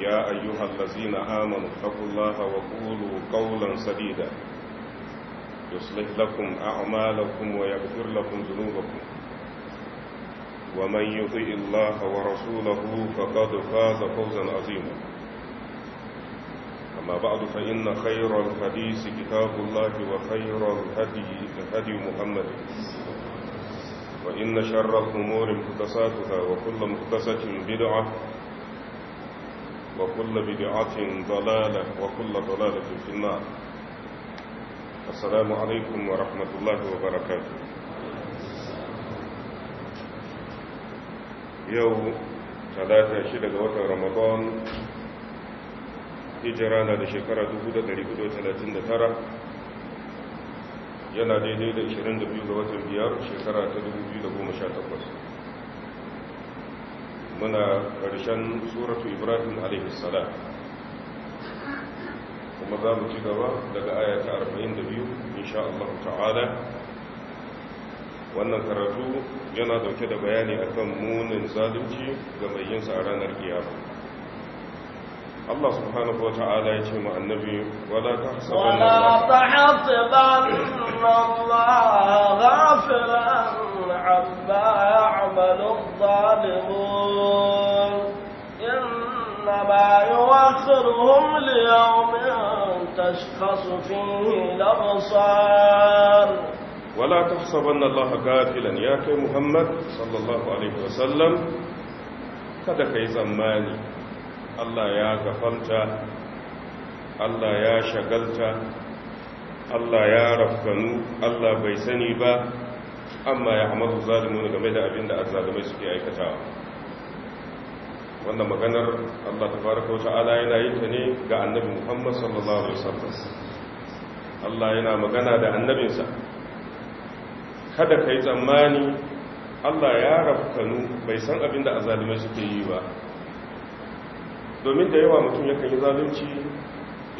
يا أيها الذين آمنوا اتقوا الله وقولوا قولا سديدا يصلح لكم أعمالكم ويغفر لكم ذنوبكم ومن يطع الله ورسوله فقد فاز فوزا عظيما أما بعد فإن خير الحديث كتاب الله وخير الهدي هدي محمد وإن شر الأمور مقتصاتها وكل مقتصة بدعة وكل بدعة ضلالة وكل ضلالة في النار السلام عليكم ورحمة الله وبركاته يوم ثلاثة شهر وتر رمضان hijirana da shekara 1439 yana daidai da 22 ga watan biyar shekara ta 2018 muna ƙarshen suratu ibrahim alaihissalam kuma za mu ci gaba daga ayata 42 insha Allah ta'ala wannan karatu yana dauke da bayani akan munin zalunci ga mai yinsa a ranar kiyama الله سبحانه وتعالى يتيم النبي ولا تحسبن ولا تحسبن الله غافلا عما يعمل الظالمون إنما يؤخرهم ليوم تشخص فيه الأبصار ولا تحسبن الله غافلا يا كي محمد صلى الله عليه وسلم kada ka yi tsammani Allah ya gafalta Allah ya shagalta Allah ya rafkanu Allah bai sani ba amma ya amaru zalimuna game da abin da azzalumai suke aikatawa wannan maganar Allah ta wata ta'ala yana yin ta ne ga annabi Muhammad sallallahu alaihi wasallam Allah yana magana da annabinsa kada kai tsammani Allah ya rafkanu bai san abin da azzalumai suke yi ba domin da yawa mutum ya kai zalunci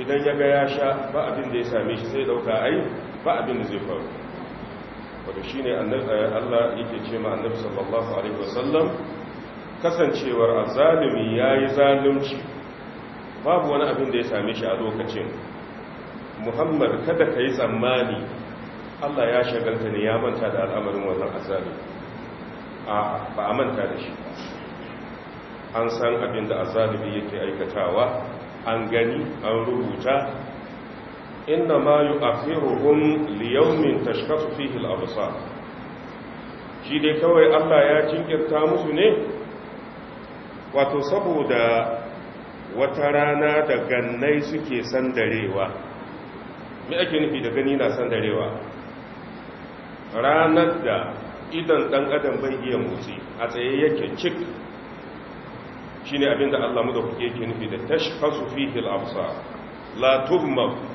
idan ya ga ya sha ba abin da ya same shi sai dauka ai ba abin da zai faru wato shi ne eh, Allah yake ce ma annabi sallallahu alaihi wasallam kasancewar azalimi ya yi zalunci babu wani abin da ya same shi a lokacin muhammad kada ka yi tsammani Allah ya shagalta ne ya manta da al'amarin wannan azalimi a ba a manta da shi an san abin da azalimi yake aikatawa an gani an rubuta inna ma yu'akhiruhum li yawmin tashkhasu fihi al-absar shi dai kawai Allah ya cinkirta musu ne wato saboda wata rana da gannai suke sandarewa me ake nufi da gani na sandarewa ranar da idan dan adam bai iya motsi a tsaye yake cik shine abinda Allah mu da kuke nufi da tashkhasu fihi al-absar la tughmam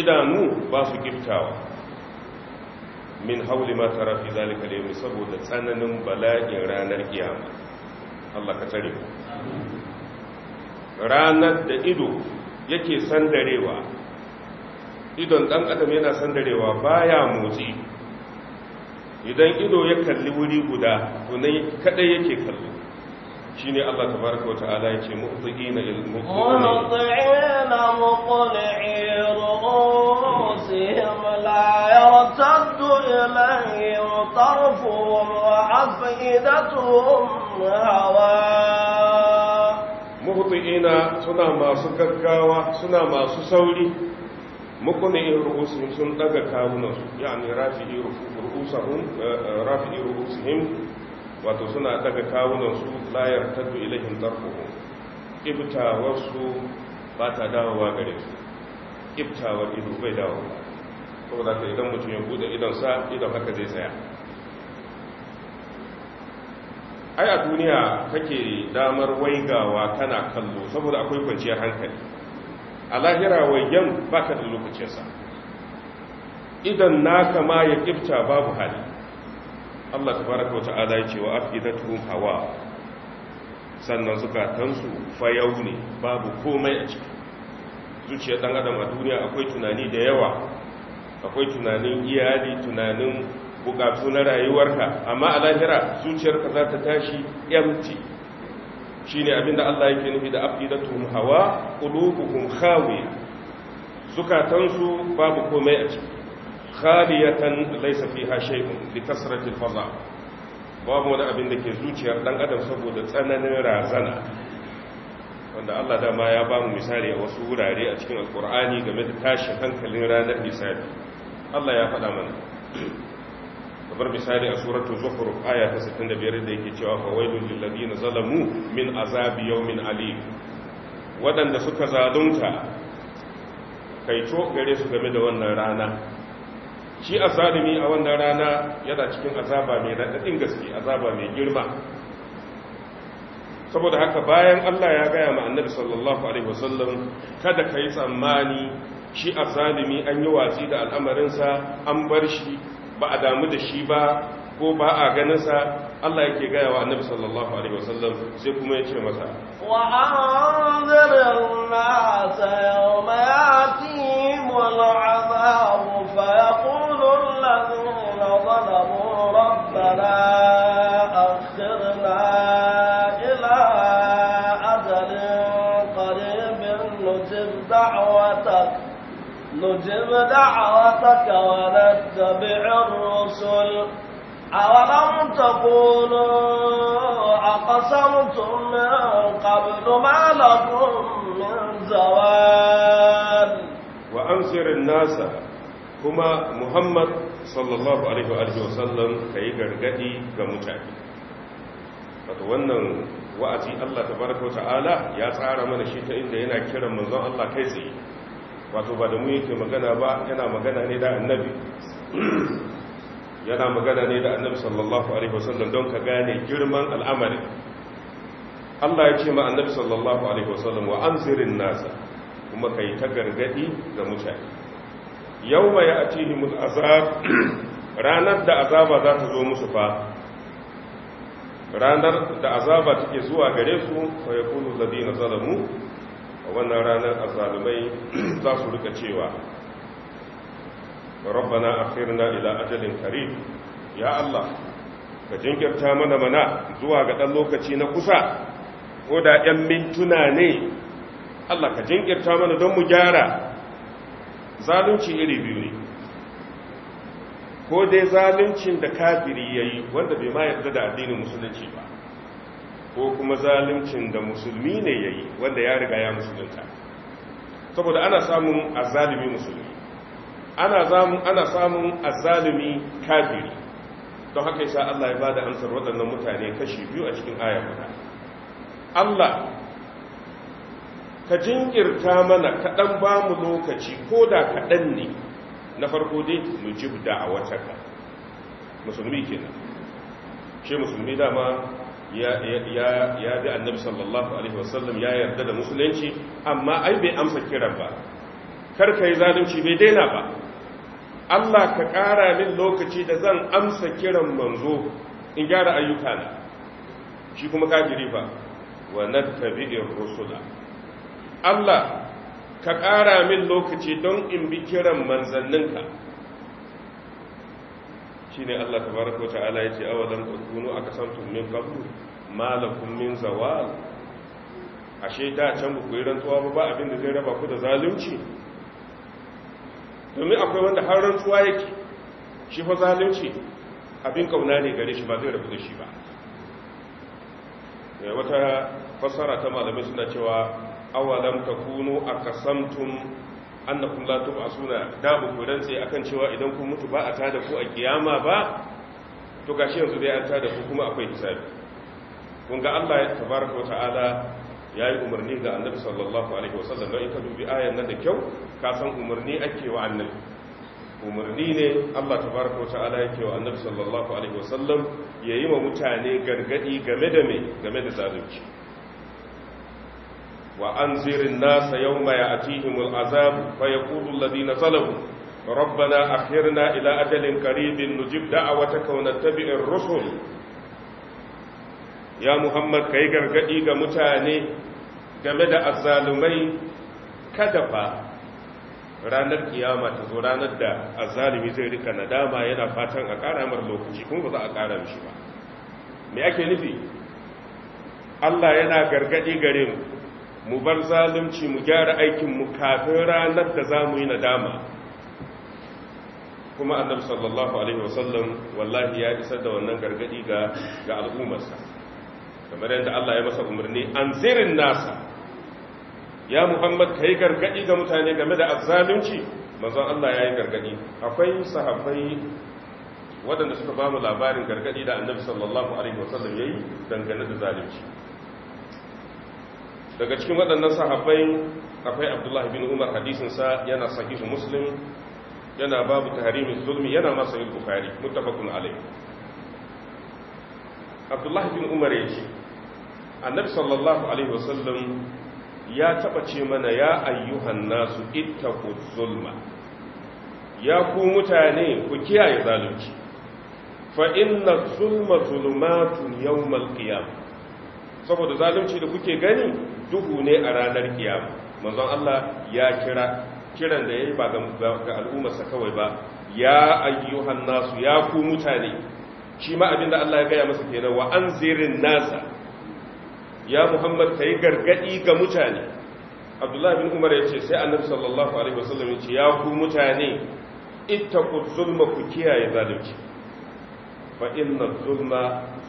idanu ba su giftawa min hauli ma tara fi zalika da saboda tsananin bala'in ranar kiyama Allah ka tare ranar da ido yake sandarewa idon dan adam yana sandarewa baya motsi idan ido ya kalli wuri guda to ne kadai yake kallo ne Allah tabaraka wa ta'ala yake muqtiina lil muqtiina muqni'i ru'usihim hawa suna masu gaggawa suna masu sauri muqni'i ru'usihim sun daga kawunansu yani rafi'i ru'usahum eh, rafi'i ru'usihim wato suna daga kawunansu layar tattu ilahin tarfuhu ibtawarsu ba ta dawowa gare su ibtawar ido bai dawo saboda ta idan mutum ya bude idonsa idon haka zai tsaya ai a duniya kake damar waigawa kana kallo saboda akwai kwanciyar hankali a lahira waigen baka da lokacinsa idan naka ma ya kifta babu hali Allah tabaraka wa ala ya ce wa afidatuhum hawa sannan zukatansu fayau ne babu komai a ciki zuciyar dan adam a duniya akwai tunani da yawa akwai tunanin iyali tunanin bukatu na rayuwarka amma a lahira zuciyarka za ta tashi empty shine abinda Allah yake nufi da afidatuhum hawa qulubuhum khawiya zukatansu babu komai a ciki khaliyatan laysa fiha shay'un li kasrati al-faza babu wani abin da ke zuciyar dan adam saboda tsananin razana wanda Allah dama ya bamu misali a wasu wurare a cikin alkur'ani game da tashin hankalin ranar misali Allah ya faɗa mana kamar misali a suratul zukhruf aya ta 65 da yake cewa fawailul lil ladina zalamu min azabi yawmin alim wadanda suka zalunta kaito gare su game da wannan rana shi azalimi a wannan rana yana cikin azaba mai raɗaɗin gaske azaba mai girma saboda haka bayan Allah ya gaya ma annabi sallallahu alaihi wasallam kada kai tsammani shi azalimi an yi watsi da al'amarinsa an bar shi ba a damu da shi ba ko ba a ganinsa Allah yake gaya wa annabi sallallahu alaihi wasallam sai kuma ya ce masa wa nasa yawma yatim wal azab fa yaqul الذين ظلموا ربنا أخرنا إلى أجل قريب نجب دعوتك نجب دعوتك ونتبع الرسل أولم تقولوا أقسمتم من قبل ما لكم من زوال وأنصر الناس هما محمد sallallahu alaihi wa sallam yi gargadi ga mutane wato wannan wa'azi Allah tabaraka ta'ala ya tsara mana shi ta inda yana kiran manzon Allah kai tsaye wato ba da mu yake magana ba yana magana ne da annabi yana magana ne da annabi sallallahu alaihi wa sallam don ka gane girman al'amari Allah ya ce ma annabi sallallahu alaihi wa sallam wa anzirin nasa kuma kai ta gargadi ga mutane yau mai a azab ranar da azaba za ta zo musu fa ranar da azaba take zuwa gare su fa ya kulu zabi na zalamu wannan ranar azalumai za su rika cewa rabbana akhirna ila ajalin qarib ya allah ka jinkirta mana mana zuwa ga dan lokaci na kusa ko da yan mintuna ne allah ka jinkirta mana don mu gyara zalunci iri biyu ne ko dai zaluncin da kafiri ya yi wanda bai ma yadda da addinin musulunci ba ko kuma zaluncin da musulmi ne ya yi wanda ya riga ya musulunta saboda ana samun azalumi musulmi ana samun azalumi kafiri don haka sa Allah ya ba da amsar waɗannan mutane kashi biyu a cikin aya guda Allah ka jinkirta mana kaɗan ba mu lokaci ko da kaɗan ne na farko dai mu ji da a ka musulmi kenan shi musulmi dama ya bi annabi sallallahu alaihi wasallam ya yarda da musulunci amma ai bai amsa kiran ba karka yi zalunci bai daina ba Allah ka ƙara min lokaci da zan amsa kiran manzo in gyara ayyuka na shi kuma kafiri ba wa nattabi'ir rusula Allah ka ƙara min lokaci don in bi kiran manzanninka shi ne Allah tabaraka ta'ala ya ce awalan takunu aka samtum min qablu ma lakum min zawal ashe da can ku yi rantsuwa ba ba abin da zai raba ku da zalunci domin akwai wanda har rantsuwa yake shi fa zalunci abin kauna ne gare shi ba zai rabu da shi ba eh, wata fassara ta malamai suna cewa awalam takunu akasamtum annakum la tub'asuna da ba ku rantse akan cewa idan kun mutu ba a tada ku a kiyama ba to gashi yanzu dai an tada ku kuma akwai hisabi kun ga Allah ya tabaraka wa ta'ala yayi umarni ga annabi sallallahu alaihi wasallam don ka dubi ayan nan da kyau ka san umarni ake wa annabi umarni ne Allah tabaraka wa ta'ala yake wa annabi sallallahu alaihi wasallam yayi wa mutane gargadi game da me game da zalunci وأنذر الناس يوم يأتيهم العذاب فيقول الذين ظلموا ربنا أخرنا إلى أجل قريب نجب دعوتك ونتبع الرسل يا محمد كي غرغدي ga mutane game da azzalumai kada fa ranar kiyama ta zo ranar da azzalumi zai rika nadama yana fatan a ƙara mar lokaci kuma za a ƙara mishi ba me ake nufi Allah yana gargadi gare mu mu bar zalunci mu gyara aikinmu kafin ranar da za mu yi nadama kuma annabi sallallahu alaihi wasallam wallahi ya isar da wannan gargadi ga al'ummarsa kamar yadda Allah ya masa umarni zirin nasa ya Muhammad yi gargadi ga mutane game da azzalunci mazan Allah ya yi gargadi akwai sahabbai waɗanda suka ba mu labarin gargadi da annabi sallallahu alaihi wasallam yayi dangane da zalunci daga cikin waɗannan sahabbai akwai abdullahi bin umar hadisinsa yana sahihu muslim yana babu tahrimin zulmi yana masa yin bukari mutafakun alai abdullahi bin umar ya ce annabi sallallahu alaihi wasallam ya taɓa ce mana ya ayyuhan nasu ittaqu zulma ya ku mutane ku kiyaye zalunci fa inna zulma zulumatun yawmal qiyamah saboda zalunci da kuke gani duhu ne a ranar kiyama manzon Allah ya kira kiran da yayi ba ga al'ummarsa kawai ba ya ayyuhan nasu ya ku mutane shi ma abinda Allah ya gaya masa kenan wa anzirin nasa ya Muhammad kai gargadi ga mutane Abdullahi bin Umar yace sai Annabi sallallahu alaihi wasallam yace ya ku mutane ittaqul zulma ku kiyaye zalunci fa inna zulma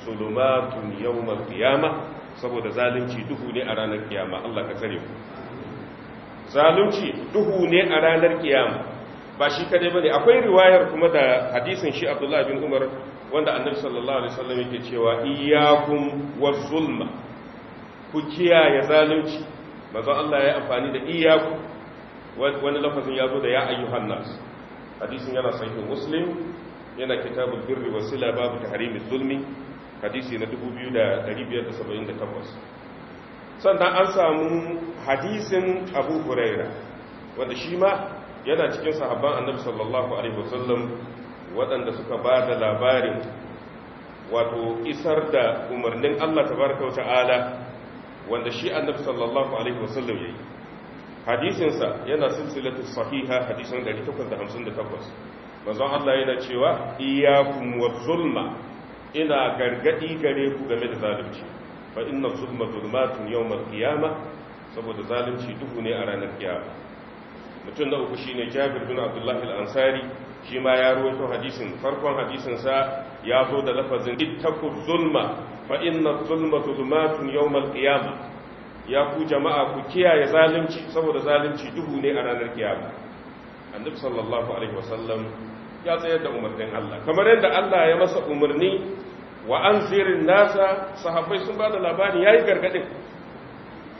zulumatun yawmal qiyamah saboda zalunci duhu ne a ranar kiyama Allah ka tsare ku zalunci duhu ne a ranar kiyama ba shi kadai bane akwai riwayar kuma da hadisin shi Abdullah bin Umar wanda Annabi sallallahu alaihi wasallam yake cewa iyyakum waz-zulma ku kiyaye zalunci manzo Allah ya amfani da iyyakum wani lafazin ya zo da ya ayyuhan nas hadisin yana sahih muslim yana kitabul birri wasila babu tahrimi zulmi hadisi na 2578 sannan an samu hadisin abu huraira wanda shi ma yana cikin sahabban annabi sallallahu alaihi wasallam waɗanda suka ba da labarin wato isar da umarnin Allah tabaraka wata'ala wanda shi annabi sallallahu alaihi wasallam yi hadisinsa yana silsilatu sahiha hadisin 858 manzon Allah yana cewa iyyakum waz-zulma ina gargadi gare ku game da zalunci fa inna zulma zulmatun yawmal qiyama saboda zalunci duhu ne a ranar kiyama mutum na uku shine Jabir bin Abdullah al-Ansari shi ma ya rawaito hadisin farkon hadisin sa ya zo da lafazin ittaku zulma fa inna zulma zulmatun yawmal qiyama ya ku jama'a ku kiyaye zalunci saboda zalunci duhu ne a ranar kiyama annabi sallallahu alaihi wasallam ya tsayar da umarnin Allah kamar yadda Allah ya masa umarni wa an zirin nasa sahabbai sun ba da labari ya yi gargaɗin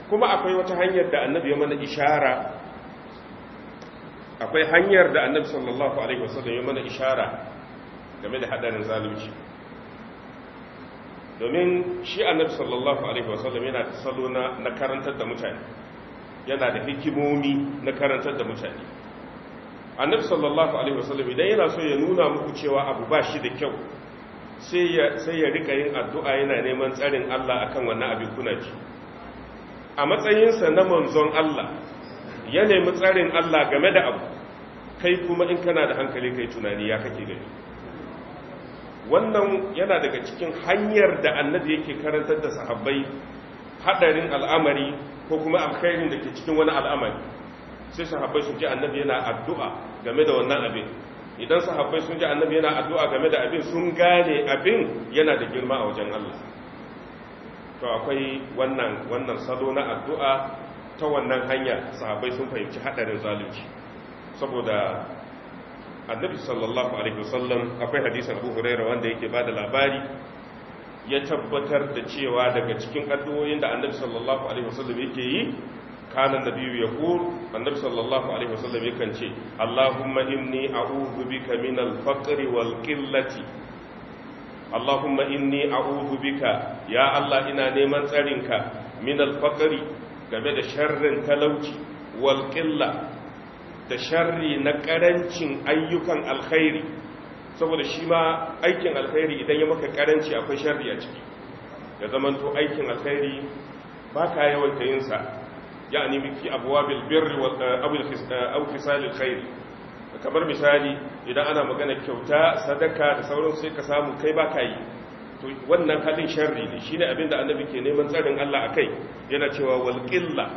kuma akwai wata hanyar da annabi ya mana ishara akwai hanyar da annabi sallallahu alaihi wasallam ya mana ishara game da hadarin zalunci domin shi annabi sallallahu alaihi wasallam yana da salo na karantar da mutane yana da hikimomi na karantar da mutane annabi sallallahu alaihi wasallam idan yana so ya nuna muku cewa abu ba shi da kyau sai ya rika yin addu'a yana neman tsarin Allah akan wannan abin kuna ji a matsayinsa na manzon Allah ya nemi tsarin Allah game da abu kai kuma in kana da hankali kai tunani ya kake gani wannan yana daga cikin hanyar da annabi yake karantar da sahabbai hadarin al'amari ko kuma alkhairin da ke cikin wani al'amari sai sahabbai sun ji annabi yana addu'a game da wannan abin idan sahabbai sun ji annabi yana addu'a game da abin sun gane abin yana da girma a wajen Allah to akwai wannan wannan sado na addu'a ta wannan hanya sahabbai sun fahimci hadarin zalunci saboda annabi sallallahu alaihi wasallam akwai hadisin Abu Hurairah wanda yake bada labari ya tabbatar da cewa daga cikin addu'o'in da annabi sallallahu alaihi wasallam yake yi kana nabiyyu yaqul annabi sallallahu alaihi wasallam yakan ce allahumma inni a'udhu bika min al-faqr wal qillati allahumma inni a'udhu bika ya allah ina neman tsarinka min al game da sharrin talauci wal da sharri na karancin ayyukan alkhairi saboda shi ma aikin alkhairi idan ya maka karanci akwai sharri a ciki ya zamanto aikin alkhairi ba yawan yawaita yinsa يعني في abwabil البر wal aw fisal kamar misali idan ana magana kyauta sadaka da sauran sai ka samu kai ba kai wannan halin sharri ne shine da annabi ke neman tsarin Allah akai yana cewa wal qilla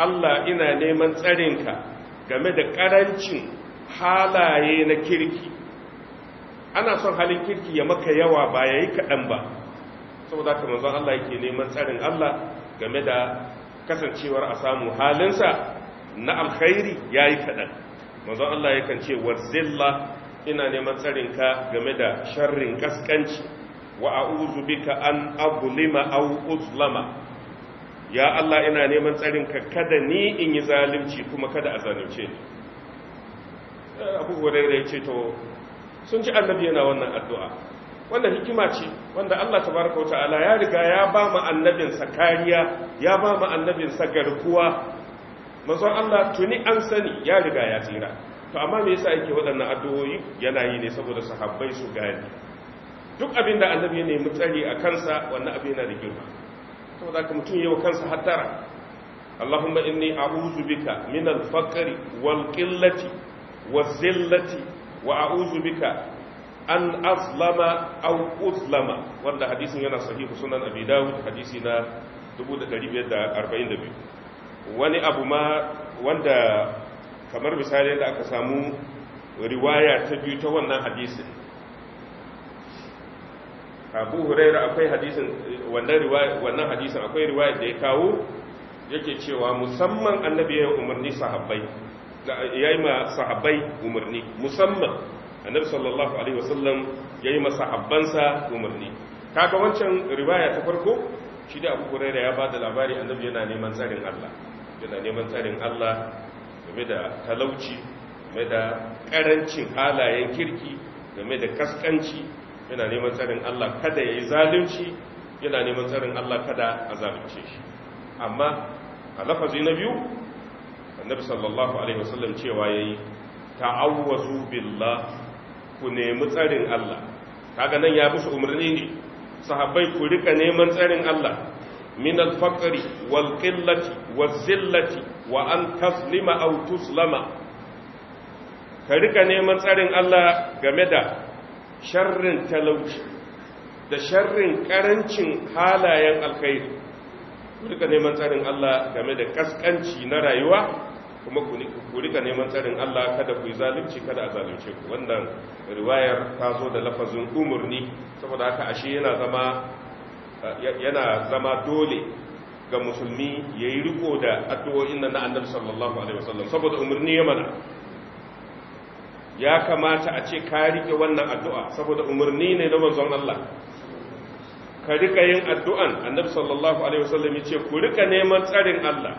Allah ina neman ka game da karancin halaye na kirki ana son halin kirki ya maka yawa ba yayi kadan ba saboda haka manzon Allah yake neman tsarin Allah game da kasancewar a samu halinsa na alkhairi ya yi kaɗan mazan Allah yakan ce wa zilla ina neman tsarinka game da sharrin kaskanci wa a'udhu bika an ablima aw uzlama ya Allah ina neman tsarinka kada ni in yi zalunci kuma kada a zalunci. abubuwa da ya ce to sun ci annabi yana wannan addu'a wannan hikima ce wanda Allah tabaraka wata'ala ya riga ya ba mu annabinsa kariya ya ba mu annabinsa garkuwa mazan Allah tuni an sani ya riga ya tsira to amma me yasa yake waɗannan addu'o'i yana yi ne saboda sahabbai su gari. duk abin da annabi ne mu tsari a kansa wannan abin yana da girma saboda ka mutum wa kansa hattara Allahumma inni a'udhu bika min al-faqri wal qillati wa zillati wa a'udhu bika an azlama au uzlama wanda hadisin yana sahihu sunan abi dawud hadisi na 1542 wani abu ma wanda kamar misali da aka samu riwaya ta biyu ta wannan hadisin abu huraira akwai hadisin wannan hadisin akwai riwaya da ya kawo yake cewa musamman annabi ya umarni sahabbai ya yi ma sahabbai umarni musamman annabi sallallahu alaihi wasallam yayi masahabbansa umarni kaga wancan riwaya ta farko shi da Abu Hurairah ya bada labari annabi yana neman tsarin Allah yana neman tsarin Allah game da talauci game da karancin halayen kirki game da kaskanci yana neman tsarin Allah kada yayi zalunci yana neman tsarin Allah kada a zalunce shi amma a lafazi na biyu annabi sallallahu alaihi wasallam cewa yayi ta'awwazu billah ku nemi tsarin Allah kaga nan ya musu umarni ne sahabbai ku rika neman tsarin Allah min al-faqri wal qillati waz zillati wa an taslima aw tuslama ka rika neman tsarin Allah game da sharrin talauci da sharrin karancin halayen alkhairi Ku rika neman tsarin Allah game da kaskanci na rayuwa kuma ku rika neman tsarin Allah kada ku yi zalunci kada a zalunce ku wannan riwayar ta zo da lafazin umurni saboda haka ashe yana zama yana zama dole ga musulmi yayi riko da addu'o'in nan na Annabi sallallahu alaihi wasallam saboda umurni ya mana ya kamata a ce ka rike wannan addu'a saboda umurni ne na manzon Allah ka rika yin addu'an Annabi sallallahu alaihi wasallam ya ce ku rika neman tsarin Allah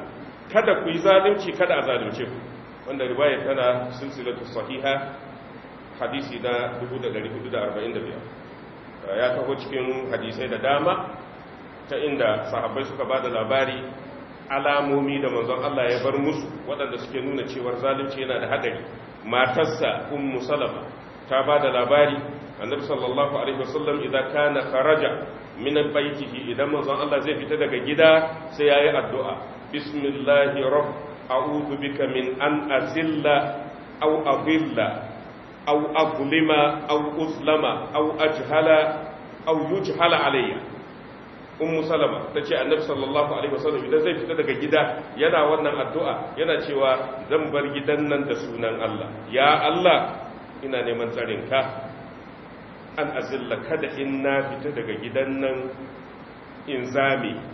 kada ku yi zalunci kada a zalunce ku wanda riwaya tana silsilatu sahiha hadisi na 1445 ya taho cikin hadisai da dama ta inda sahabbai suka bada labari alamomi da manzon Allah ya bar musu waɗanda suke nuna cewar zalunci yana da hadari matarsa ummu salama ta bada labari annabi sallallahu alaihi wasallam idan kana kharaja min baitihi idan manzon Allah zai fita daga gida sai yayi addu'a Bismillahi الله رب أعوذ بك من ta ce annabi sallallahu alaihi wasallam idan zai fita daga gida yana wannan addu'a yana cewa zan bar gidan nan da sunan Allah ya Allah ina neman tsarinka an azilla kada in na fita daga gidan nan in zame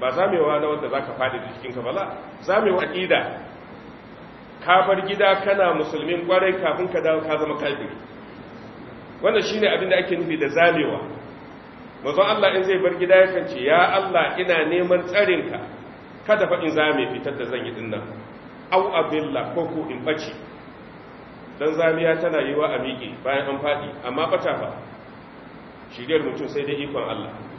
ba zamewa na wanda za fadi da jikinka ba la zamewa aqida ka bar gida kana musulmin kwarai kafin ka dawo ka zama kafiri wannan shine abin da ake nufi da zamewa mazan Allah in zai bar gida ya ce ya Allah ina neman tsarin ka. kada faɗin in zame fitar da zan yi dinnan au abilla ko ko in bace dan zamiya tana yiwa a miƙe bayan an faɗi amma bata ba shiryar mutum sai dai ikon Allah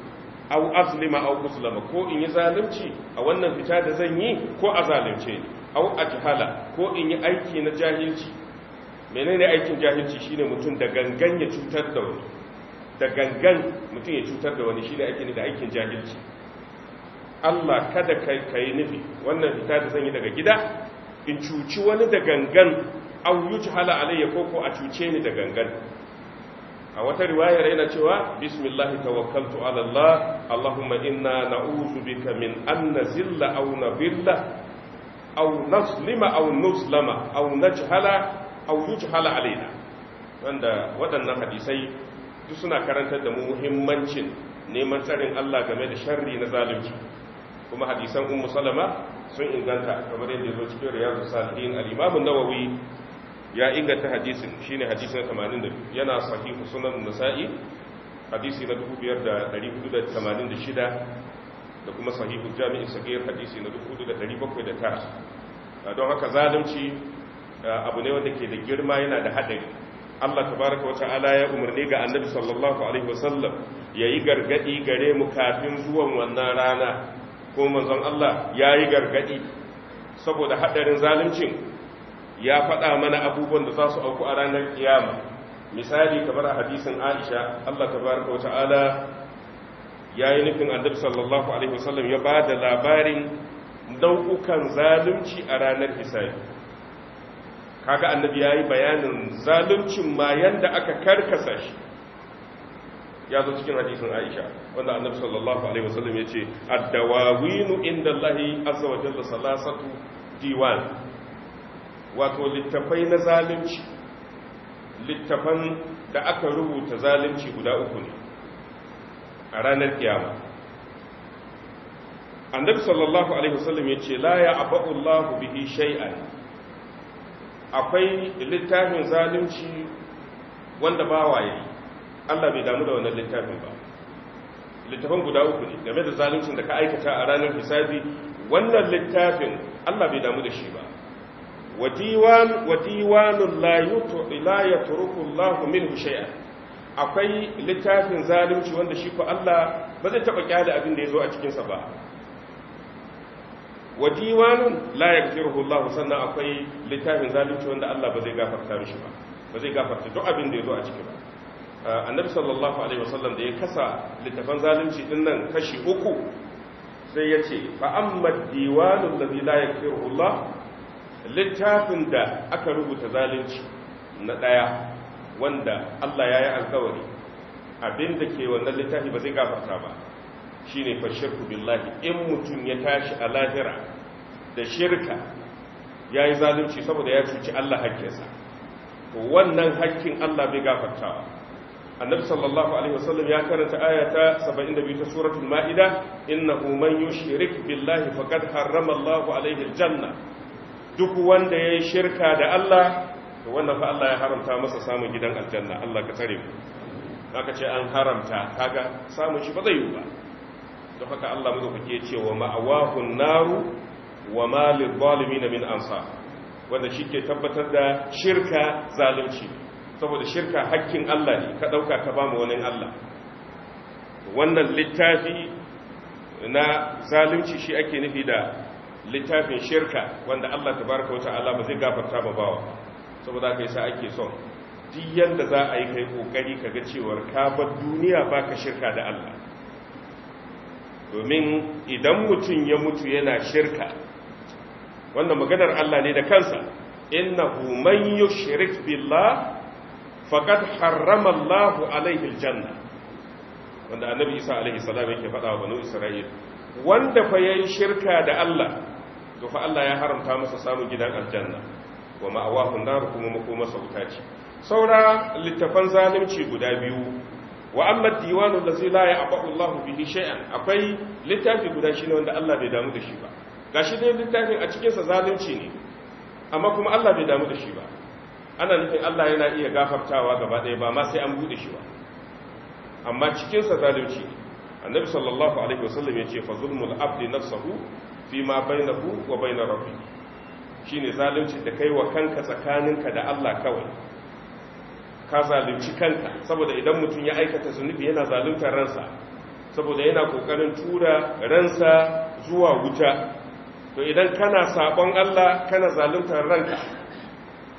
au azlima au muslima ko in yi zalunci a wannan fita da zan yi ko a zalunce ni au ajhala ko in yi aiki na jahilci menene aikin jahilci shine mutum da gangan ya cutar da wani da gangan mutum ya cutar da wani shine aikin da aikin jahilci Allah kada ka kai nufi wannan fita da zan yi daga gida in cuci wani da gangan au yujhala alayya ko ko a cuce ni da gangan a wata riwayar yana cewa bismillah tawakkaltu ala Allah Allahumma inna na'udhu bika min an nazilla aw nabilla aw naslima aw nuslama aw najhala aw yujhala alaina wanda waɗannan hadisai duk suna karantar da mu muhimmancin neman tsarin Allah game da sharri na zalunci kuma hadisan ummu salama sun inganta kamar yadda zo cikin riyadu salihin al-imam an-nawawi ya inganta hadisin shi ne hadisi na 82 yana sahihu sunan nasa'i hadisi na biyar da kuma sahihu jami'in sagir hadisi na 4709 don haka zalunci abu ne wanda ke da girma yana da haɗari Allah tabaraka wata ala ya umarni ga annabi sallallahu alaihi wasallam yi gargadi gare mu kafin zuwan wannan rana ko manzon Allah ya yi gargadi saboda haɗarin zaluncin ya faɗa mana abubuwan da za su auku a ranar kiyama misali kamar a hadisin aisha allah tabaraka wata'ala ya yi nufin annabi sallallahu alaihi wasallam ya ba da labarin nau'ukan zalunci a ranar hisabi kaga annabi ya yi bayanin zaluncin ma yanda aka karkasa shi ya zo cikin hadisin aisha wanda annabi sallallahu alaihi wasallam ya ce addawawinu inda allahi azza wa jalla salasatu diwan wato littafai na zalunci littafan da aka rubuta zalunci guda uku ne a ranar kiyama annabi sallallahu alaihi wasallam ya ce la ya abu Allahu bihi shay'an akwai littafin zalunci wanda ba waye Allah bai damu da wannan littafin ba littafin guda uku ne game da zaluncin da ka aikata a ranar hisabi wannan littafin Allah bai damu da shi ba wadiwan wadiwanun la yutu la yatruku Allah minhu shay'a akwai littafin zalunci wanda shi ko Allah ba zai taba kyale abin da yazo a cikin sa ba wadiwanun la yaghfiruhu Allah sannan akwai littafin zalunci wanda Allah ba zai gafarta mishi ba ba zai gafarta duk abin da yazo a cikin ba uh, annabi sallallahu alaihi wasallam da ya kasa littafin zalunci din nan kashi uku sai ya ce fa amma diwanul ladhi la yaghfiruhu Allah littafin da aka rubuta zalunci na ɗaya wanda Allah ya yi alkawari abin da ke wannan littafi ba zai gafarta ba shi ne fashirku billahi in mutum ya tashi a lahira da shirka ya yi zalunci saboda ya cuci Allah hakkinsa wannan hakkin Allah bai gafartawa annabi sallallahu alaihi wasallam ya karanta ayata 72 ta suratul ma'ida innahu man yushrik billahi faqad harrama Allahu alaihi aljanna duk wanda ya yi shirka da Allah to wannan fa Allah ya haramta masa samun gidan aljanna Allah ka tare ka ka ce an haramta kaga samun shi ba zai yi ba don haka Allah muka ce cewa ma'awahun naru wa malil zalimin min ansa wanda shike tabbatar da shirka zalunci saboda shirka hakkin Allah ne ka dauka ka ba mu wani Allah wannan littafi na zalunci shi ake nufi da littafin shirka wanda Allah tabaraka wata'ala ba zai gafarta ba bawa saboda haka ake son duk yanda za a yi kai kokari kaga cewar ka bar duniya baka shirka da Allah domin idan mutum ya mutu yana shirka wannan maganar Allah ne da kansa innahu man yushrik billah faqad harrama Allah aljanna wanda annabi Isa alayhi salam yake faɗa wa banu Isra'il wanda fa yayi shirka da Allah to fa Allah ya haramta masa samun gidan aljanna wa ma'awahun nar kuma makoma sauta ce saura littafan zalunci guda biyu wa amma diwanu allazi la ya'bahu Allahu bihi shay'an akwai littafi guda shine wanda Allah bai damu da shi ba gashi dai littafin a cikin sa zalunci ne amma kuma Allah bai damu da shi ba ana nufin Allah yana iya gafartawa gaba daya ba ma sai an bude shi ba amma cikin sa zalunci annabi sallallahu alaihi wasallam ya ce fa zulmul abdi nafsuhu fi ma ku wa bai na bainar Shi ne zalunci da kai wa kanka tsakaninka da Allah kawai ka zalunci kanka saboda idan mutum ya aikata zunubi yana zaluntar ransa saboda yana kokarin tura ransa zuwa wuta to idan kana sabon Allah kana zaluntar ranka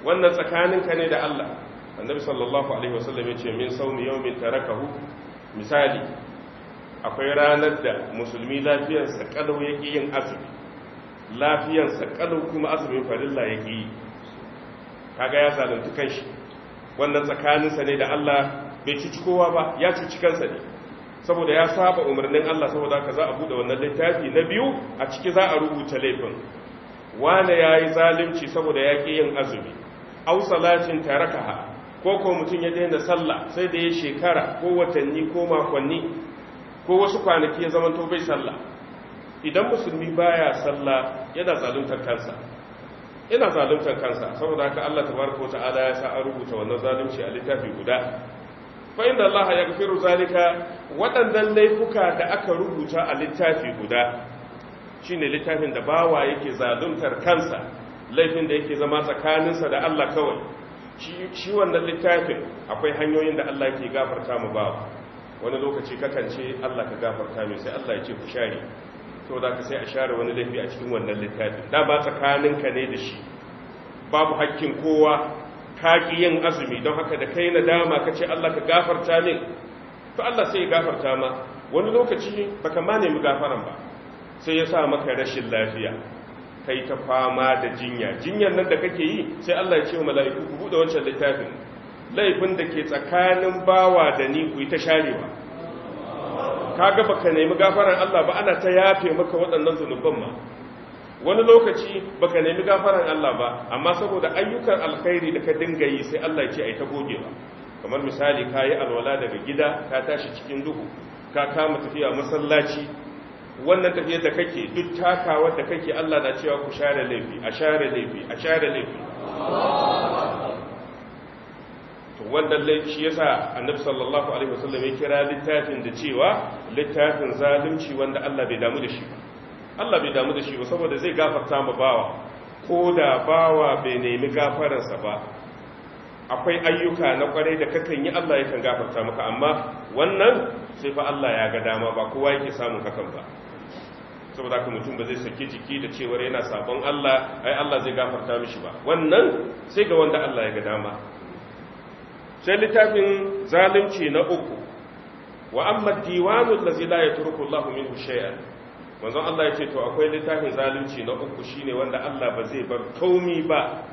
wannan tsakaninka ne da Allah annabi sallallahu alaihi wasallam ya ce min sawmi yawmin tarakahu misali akwai ranar da musulmi lafiyarsa kalau ya ƙi yin azumi lafiyarsa kalau kuma azumin farilla ya ƙi kaga ya zalunta kanshi wannan tsakaninsa ne da Allah bai cuci kowa ba ya cuci kansa ne saboda ya saba umarnin Allah saboda haka za a bude wannan littafi na biyu a ciki za a rubuta laifin wane ya yi zalunci saboda ya ƙi yin azumi au salatin tarakaha ko ko mutum ya daina sallah sai da ya shekara ko watanni ko makonni ko wasu kwanaki ya zamanto bai sallah idan musulmi baya sallah yana zaluntar kansa yana zaluntar kansa saboda haka Allah tabaraka ta'ala ya sa an rubuta wannan zalunci a littafi guda fa inna Allah yaghfiru zalika waɗannan laifuka da aka rubuta a littafi guda shine littafin da bawa yake zaluntar kansa laifin da yake zama tsakaninsa da Allah kawai shi wannan littafin akwai hanyoyin da Allah yake gafarta mu bawa wani lokaci kakan ce Allah ka gafarta mai sai Allah ya ce ku share to da ka sai a share wani laifi a cikin wannan littafin da ba tsakaninka ne da shi babu hakkin kowa ka yin azumi don haka da kai nadama ka ce Allah ka gafarta min to Allah sai ya gafarta ma wani lokaci baka ma nemi gafaran ba sai ya sa maka rashin lafiya kai ta fama da jinya jinyan nan da kake yi sai Allah ya ce wa mala'iku ku buɗe wancan littafin laifin da ke tsakanin bawa da ni ku yi ta sharewa Ka ga baka nemi gafaran Allah ba ana ta yafe maka waɗannan zunuban ma wani lokaci baka nemi gafaran Allah ba amma saboda ayyukan alkhairi da ka dinga yi sai Allah ce ai ta goge gogewa kamar misali ka yi alwala daga gida ka tashi cikin duhu ka kama tafiya masallaci wannan tafiyar da kake duk takawa da kake Allah na cewa ku share laifi a share laifi a share laifi wannan laifi yasa annabi sallallahu alaihi wasallam ya kira littafin da cewa littafin zalunci wanda Allah bai damu da shi ba Allah bai damu da shi ba saboda zai gafarta ma bawa ko da bawa bai nemi gafararsa ba akwai ayyuka na kwarai da kakan yi Allah yakan gafarta maka amma wannan sai fa Allah ya ga dama ba kowa yake samun hakan ba saboda haka mutum ba zai sake jiki da cewar yana sabon Allah ai Allah zai gafarta mishi ba wannan sai ga wanda Allah ya ga dama sai littafin zalunci na uku wa amma ya lazi la yatruku Allahu minhu shay'an manzon Allah yace to akwai littafin zalunci na uku shine wanda Allah ba zai bar kaumi ba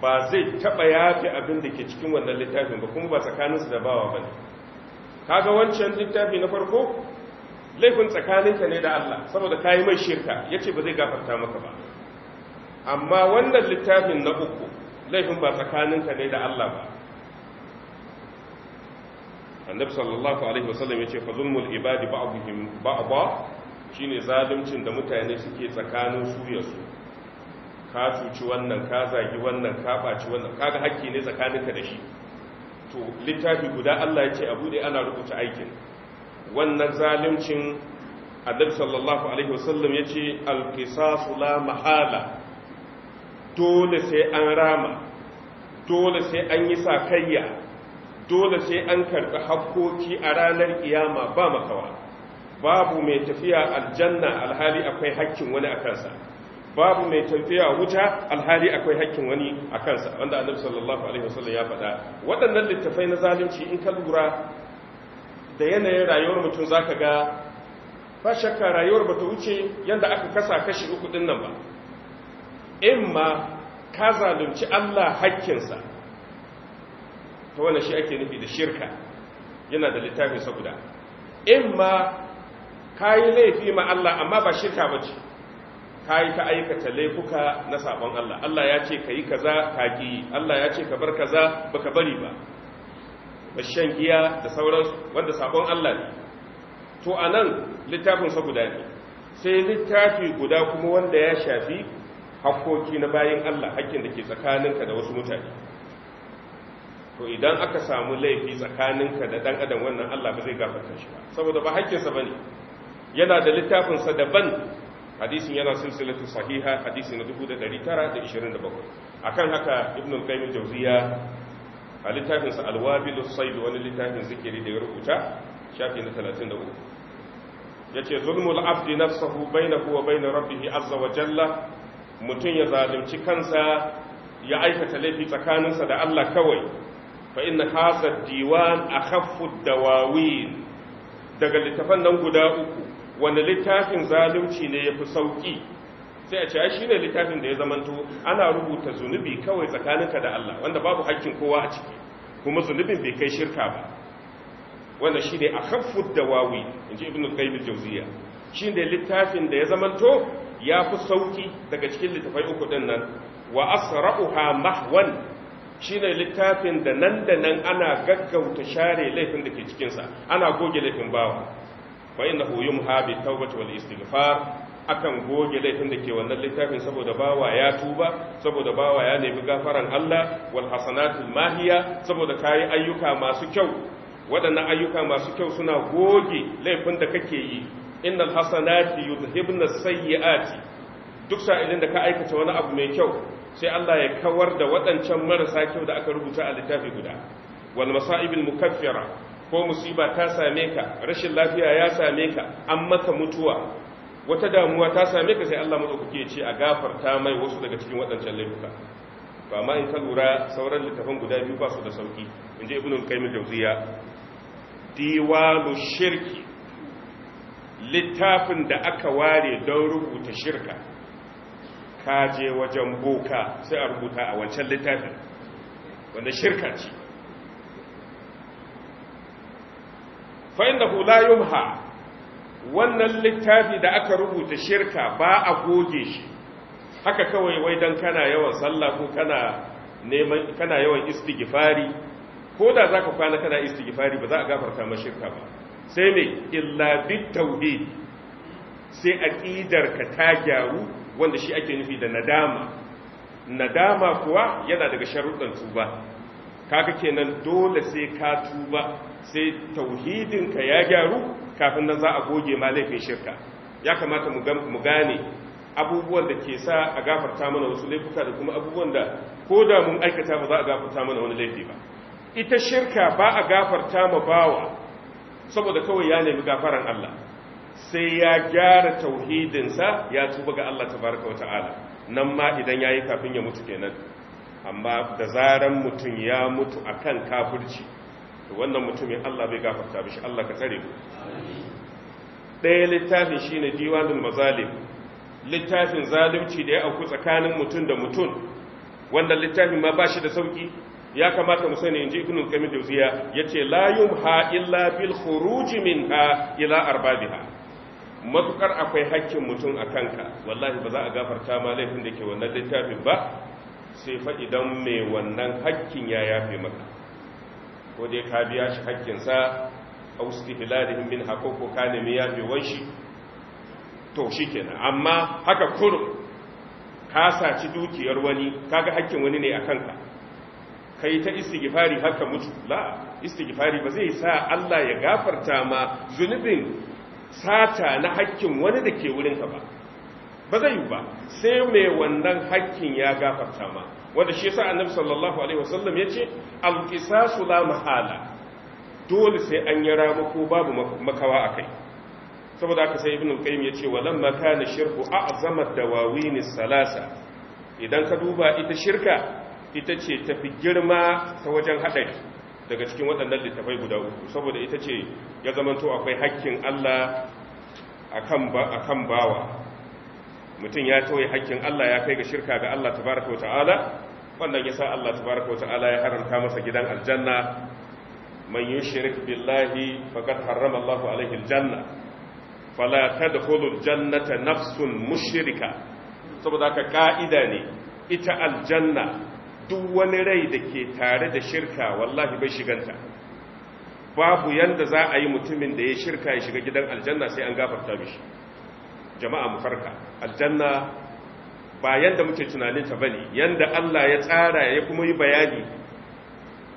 ba zai taba yafi abin da ke cikin wannan littafin ba kuma ba tsakaninsu da bawa bane kaga wancan littafi na farko laifin tsakaninka ne da Allah saboda kayi mai shirka yace ba zai gafarta maka ba amma wannan littafin na uku laifin ba tsakaninka ne da Allah ba annabi sallallahu alaihi wasallam yace fa zulmul ibadi ba'dhum ba'dha shine zalimcin da mutane suke tsakanin su ya su ka cuci wannan ka zagi wannan ka baci wannan kaga hakki ne tsakaninka da shi to littafi guda Allah ya ce abu dai ana rubuta aikin wannan zalimcin annabi sallallahu alaihi wasallam yace al-qisasu la mahala dole sai an rama dole sai an yi sakayya dole sai an karɓi hakkoki a ranar iyama ba makawa babu mai tafiya aljanna alhali akwai hakkin wani a kansa babu mai tafiya wuta alhali akwai hakkin wani a kansa wanda annabi sallallahu alaihi wasallam ya faɗa waɗannan littafai na zalunci in ka lura da yanayin rayuwar mutum zaka ga ba shakka rayuwar bata wuce yanda aka kasa kashi uku din nan ba imma ka zalunci Allah hakkinsa ta wannan shi ake nufi da shirka yana da littafin saboda in ma ka yi laifi ma Allah amma ba shirka ba ce ka yi ka aikata laifuka na sabon Allah Allah ya ce ka yi kaza ka ki Allah ya ce ka bar kaza ka bari ba ba shan giya da sauransu wanda sabon Allah ne to a nan sa guda ne sai littafi guda kuma wanda ya shafi hakkoki na bayan Allah hakkin da ke tsakaninka da wasu mutane to idan aka samu laifi tsakaninka da dan adam wannan Allah ba zai gafarta shi ba saboda ba hakkinsa ne. yana da littafin sa daban hadisin yana silsilatu sahiha hadisi na 1927 akan haka ibn al-qayyim jawziya a littafin sa al-wabil as-sayd wani littafin zikiri da ya rubuta shafi na 33 yace zulmul abdi nafsuhu bainahu wa bain rabbih azza wa jalla mutun ya zalunci kansa ya aikata laifi tsakaninsa da Allah kawai fa inna hadha diwan akhaffu dawawin daga littafan nan guda uku Wani littafin zalunci ne fi sauƙi? sai a ce ai ne littafin da ya zamanto ana rubuta zunubi kawai tsakaninka da Allah wanda babu hakkin kowa a ciki kuma zunubin bai kai shirka ba wanda shine akhaffu dawawi inji Ibn qayyim Jauziya? Shi shine littafin da ya zamanto fi sauki daga cikin littafai uku din nan wa asra'uha mahwan shine littafin da nan da nan ana gaggauta share laifin da ke cikinsa ana goge laifin bawa fa innahu yumha bi tawbati wal istighfar akan goge laifin da ke wannan littafin saboda bawa ya tuba saboda bawa ya nemi gafaran Allah wal hasanatul mahiya saboda kayi ayyuka masu kyau waɗannan ayyuka masu kyau suna goge laifin da kake yi innal hasanati yudhibna sayyiati duk sa'ilin da ka aikata wani abu mai kyau sai Allah ya kawar da waɗancan marasa kyau da aka rubuta a littafi guda wal masa'ibul mukaffira ko musiba ta same ka rashin lafiya ya same ka an maka mutuwa wata damuwa ta same ka sai Allah madaukake ce a gafarta mai wasu daga cikin waɗancan laifuka ba ma in ka lura sauran littafin guda biyu ba su da sauki in ji ibn al diwalu shirki littafin da aka ware don rubuta shirka ka je wajen boka sai a rubuta a wancan littafin wanda shirka ce fa'in da hula yumha wannan littafi da aka rubuta shirka ba a goge shi haka kawai wai don kana yawan sallah ko kana yawan istighfari ko da za ka kwana kana istighfari ba za a gafarta ma shirka ba sai ne illa bi tauhid sai aqidar ka ta gyaru wanda shi ake nufi da nadama nadama kuwa yana daga sharuɗan tuba kaga kenan dole sai ka tuba sai tauhidinka ya gyaru kafin nan za a goge ma laifin shirka ya kamata mu gane abubuwan da ke sa a gafarta mana wasu laifuka da kuma abubuwan da ko da mun aikata ba za a gafarta mana wani laifi ba ita shirka ba a gafarta ma bawa saboda kawai ya nemi gafaran Allah sai ya gyara tauhidinsa ya tuba ga Allah tabaraka wa ta'ala nan ma idan ya yi kafin ya mutu kenan amma da zaran mutum ya mutu akan kafurci, da wannan mutumin Allah bai gafarta bishi Allah ka tsare ɗaya littafin shine diwanul mazalim littafin zalunci da ya auku tsakanin mutum da mutum wanda littafin ma ba shi da sauki ya kamata mu sani inji ibnu kamil dawziya yace la yumha illa bil khuruj minha ila arbabiha matukar akwai hakkin mutum a kanka wallahi ba za a gafarta ma laifin da ke wannan littafin ba sai fa idan mai wannan hakkin ya yafe maka ko dai ka biya shi hakkinsa a wasu hilalihim min hakoko ka nemi yafe wanshi to shi kenan amma haka kuro ka saci dukiyar wani kaga hakkin wani ne a kanka kai ta istighfari haka mutu la istighfari ba zai sa Allah ya gafarta ma zunubin sata na hakkin wani da ke wurinka ba ba zai yi ba sai mai wannan hakkin ya gafarta ma wanda shi yasa annabi sallallahu alaihi wasallam yace al-qisasu la mahala dole sai an yi ramako babu makawa a kai. saboda haka sai ibnu qayyim yace walamma kana shirku a'zama dawawin salasa idan ka duba ita shirka ita ce tafi girma ta wajen hadari daga cikin waɗannan littafai guda uku saboda ita ce ya zamanto akwai hakkin Allah a kan bawa mutum ya tauye hakkin Allah ya kai ga shirka ga Allah tabaraka wa ta'ala wannan ya sa Allah tabaraka wa ta'ala ya haramta masa gidan aljanna man yushrik billahi faqad harrama Allahu alaihi aljanna fala tadkhulu aljannata nafsun mushrika saboda haka ka'ida ne ita aljanna duk wani rai da ke tare da shirka wallahi bai shiganta babu yanda za a yi mutumin da ya shirka ya shiga gidan aljanna sai an gafarta mishi jama'a mu farka aljanna ba yanda muke tunanin ta bane yanda Allah ya tsara ya kuma yi bayani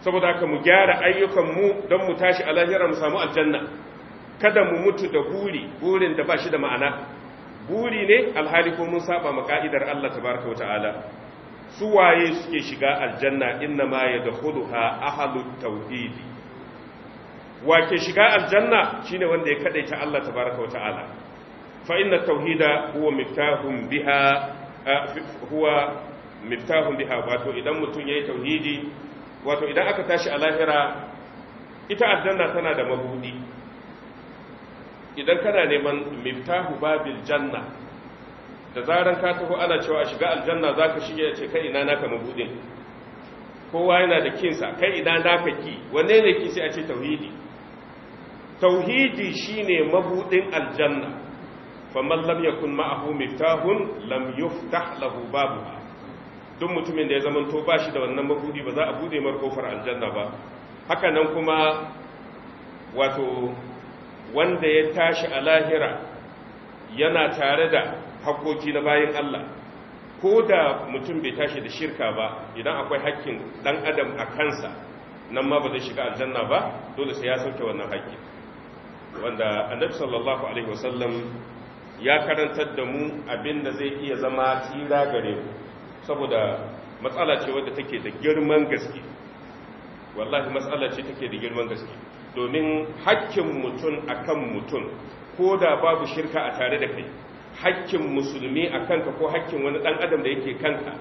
saboda haka mu gyara ayyukan mu don mu tashi a lahira mu samu aljanna kada mu mutu da buri burin da ba shi da ma'ana buri ne alhali ko mun saba ma ka'idar Allah tabaraka wa ta'ala su waye suke shiga aljanna inna ma yadkhuluha ahlut tauhid wa ke shiga aljanna Shi ne wanda ya kadaita Allah tabaaraka wa ta'ala fa inna tauhida huwa miftahun biha huwa miftahum biha wato idan mutum ya yi tauhidi wato idan aka tashi a lahira ita aljanna tana da mabudi idan kana neman miftahu babil janna da zaran ka taho ana cewa a shiga aljanna za ka shige ya ce kai ina naka mabudin kowa yana da kinsa kai ina naka ki wanne ne ki sai a ce tauhidi tauhidi shine mabudin aljanna faman lam yakun ma'ahu miftahun lam yuftah lahu babu duk mutumin da ya zama to bashi da wannan mabudi ba za a bude mar kofar aljanna ba haka nan kuma wato wanda ya tashi a lahira yana tare da hakoki na bayan Allah ko da mutum bai tashi da shirka ba idan akwai hakkin dan adam a kansa nan ma ba zai shiga aljanna ba dole sai ya sauke wannan hakki wanda annabi sallallahu alaihi wasallam ya karantar da mu abin da zai iya zama tsira gare mu saboda matsala ce wadda take da girman gaske wallahi matsala ce take da girman gaske domin hakkin mutum akan mutum ko da babu shirka a tare da kai hakkin musulmi a kanka ko hakkin wani ɗan adam da yake kanka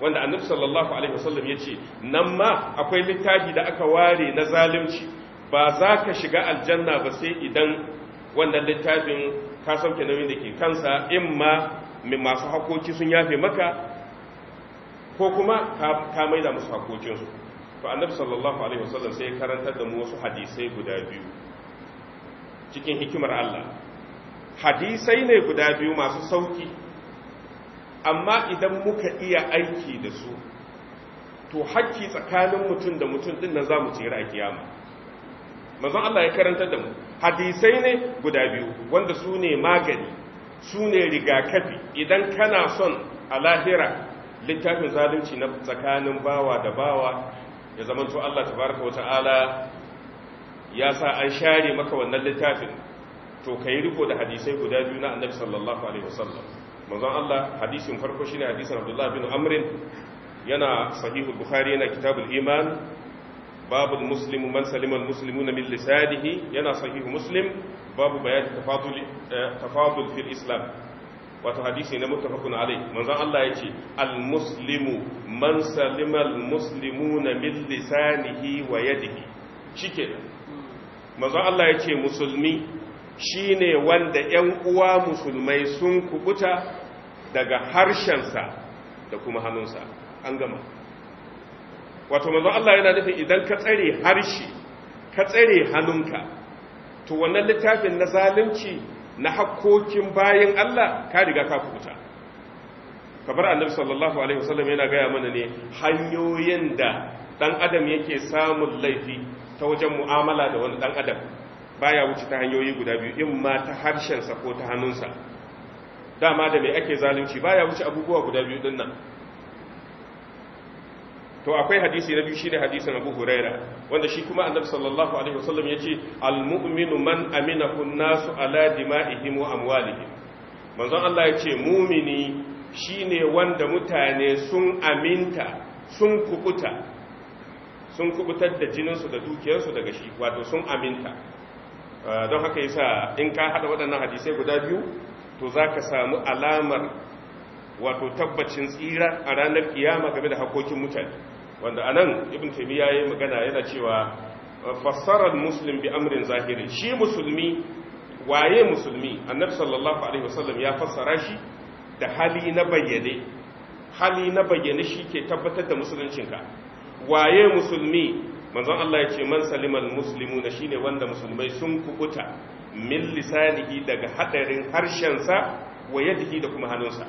wanda annabi sallallahu alaihi wasallam ya ce nan ma akwai littafi da aka ware na zalunci ba za ka shiga aljanna ba sai idan wannan littafin ka sauke nauyin da ke kansa in ma masu hakoki sun yafe maka ko kuma ka maida musu hakokinsu to annabi sallallahu alaihi wasallam sai ya karantar da mu wasu hadisai guda biyu cikin hikimar Allah hadisai ne guda biyu masu sauki amma idan muka iya aiki da su to hakki tsakanin mutum da mutum din nan za mu tsira a kiyama mazan Allah ya karanta da mu hadisai ne guda biyu wanda su ne magani su ne rigakafi idan kana son a lahira littafin zalunci na tsakanin bawa da bawa ya zamanto Allah tabaraka wa ta'ala ya sa an share maka wannan littafin to kai riko da hadisai guda biyu na annabi sallallahu alaihi wasallam manzon Allah hadisin farko shine hadisin Abdullah bin Amr yana sahihu Bukhari yana kitabul iman babul muslim man salima almuslimuna min lisanihi yana sahihu Muslim babu bayan tafadul eh, tafadul fil islam wato hadisi na muttafaqun alai manzon Allah yace almuslimu man salima almuslimuna min lisanihi wa yadihi shikenan manzon Allah yace musulmi Shi ne wanda ‘yan uwa musulmai sun kubuta daga harshensa da kuma hannunsa an gama wato mazan Allah yana nufin idan ka tsare harshe ka tsare hannunka to wannan littafin na zalunci na hakkokin bayan Allah ka riga ka kubuta kabar annabi sallallahu alaihi wasallam yana gaya mana ne hanyoyin da ɗan adam yake samun laifi ta wajen mu'amala da wani ɗan adam baya wuce ta hanyoyi guda biyu in ma ta harshensa ko ta hannunsa dama da mai ake zalunci baya wuce abubuwa guda biyu din nan to akwai hadisi na biyu shine hadisin Abu Huraira wanda shi kuma Annabi sallallahu alaihi wasallam yace al-mu'minu man amina an-nasu ala dima'ihim wa amwalihim manzon Allah yace mumini shine wanda mutane sun aminta sun kubuta sun kubutar da jininsu da dukiyarsu daga shi wato sun aminta Ah, don haka yasa in ka hada waɗannan hadisai guda biyu to za ka samu alamar wato tabbacin tsira a ranar kiyama game da hakokin mutane wanda anan ibn taymiya yayi magana yana cewa fassarar muslim bi amrin zahiri shi musulmi waye musulmi annabi sallallahu alaihi wasallam ya fassara shi da hali na bayyane hali na bayyane shi ke tabbatar da musuluncinka waye musulmi manzon Allah ya ce man salimal muslimuna shine wanda musulmai sun kukuta min lisanihi daga hadarin harshensa wa yadihi da kuma hannunsa